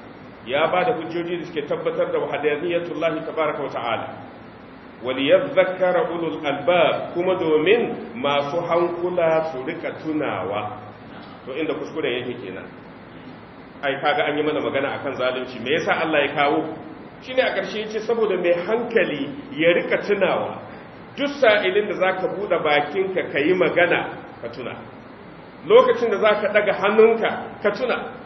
ya ba da hujjoji da suke tabbatar da wahadaniyatullahi tabaraka wa ta'ala waliyazzakara ulul albab kuma domin masu hankula su rika tunawa to inda kuskure yake kenan ai kaga an yi mana magana akan zalunci me yasa Allah ya kawo shine a ƙarshe yace saboda mai hankali ya rika tunawa duk sa'ilin da zaka bude bakinka kayi magana ka tuna lokacin da zaka daga hannunka ka tuna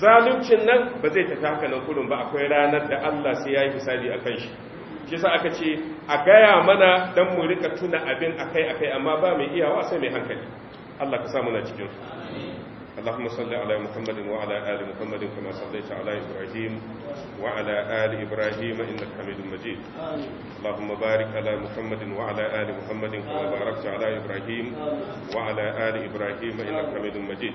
zaluncin nan ba zai tafi haka nan kurun ba akwai ranar da Allah sai ya yi hisabi akan shi shi yasa aka ce a gaya mana dan mu rika tuna abin akai akai amma ba mai iyawa sai mai hankali Allah ka sa muna cikin su اللهم صل على محمد وعلى آل محمد كما صليت على إبراهيم وعلى آل إبراهيم إنك حميد مجيد اللهم بارك على محمد وعلى آل محمد كما باركت على إبراهيم وعلى آل إبراهيم إنك حميد مجيد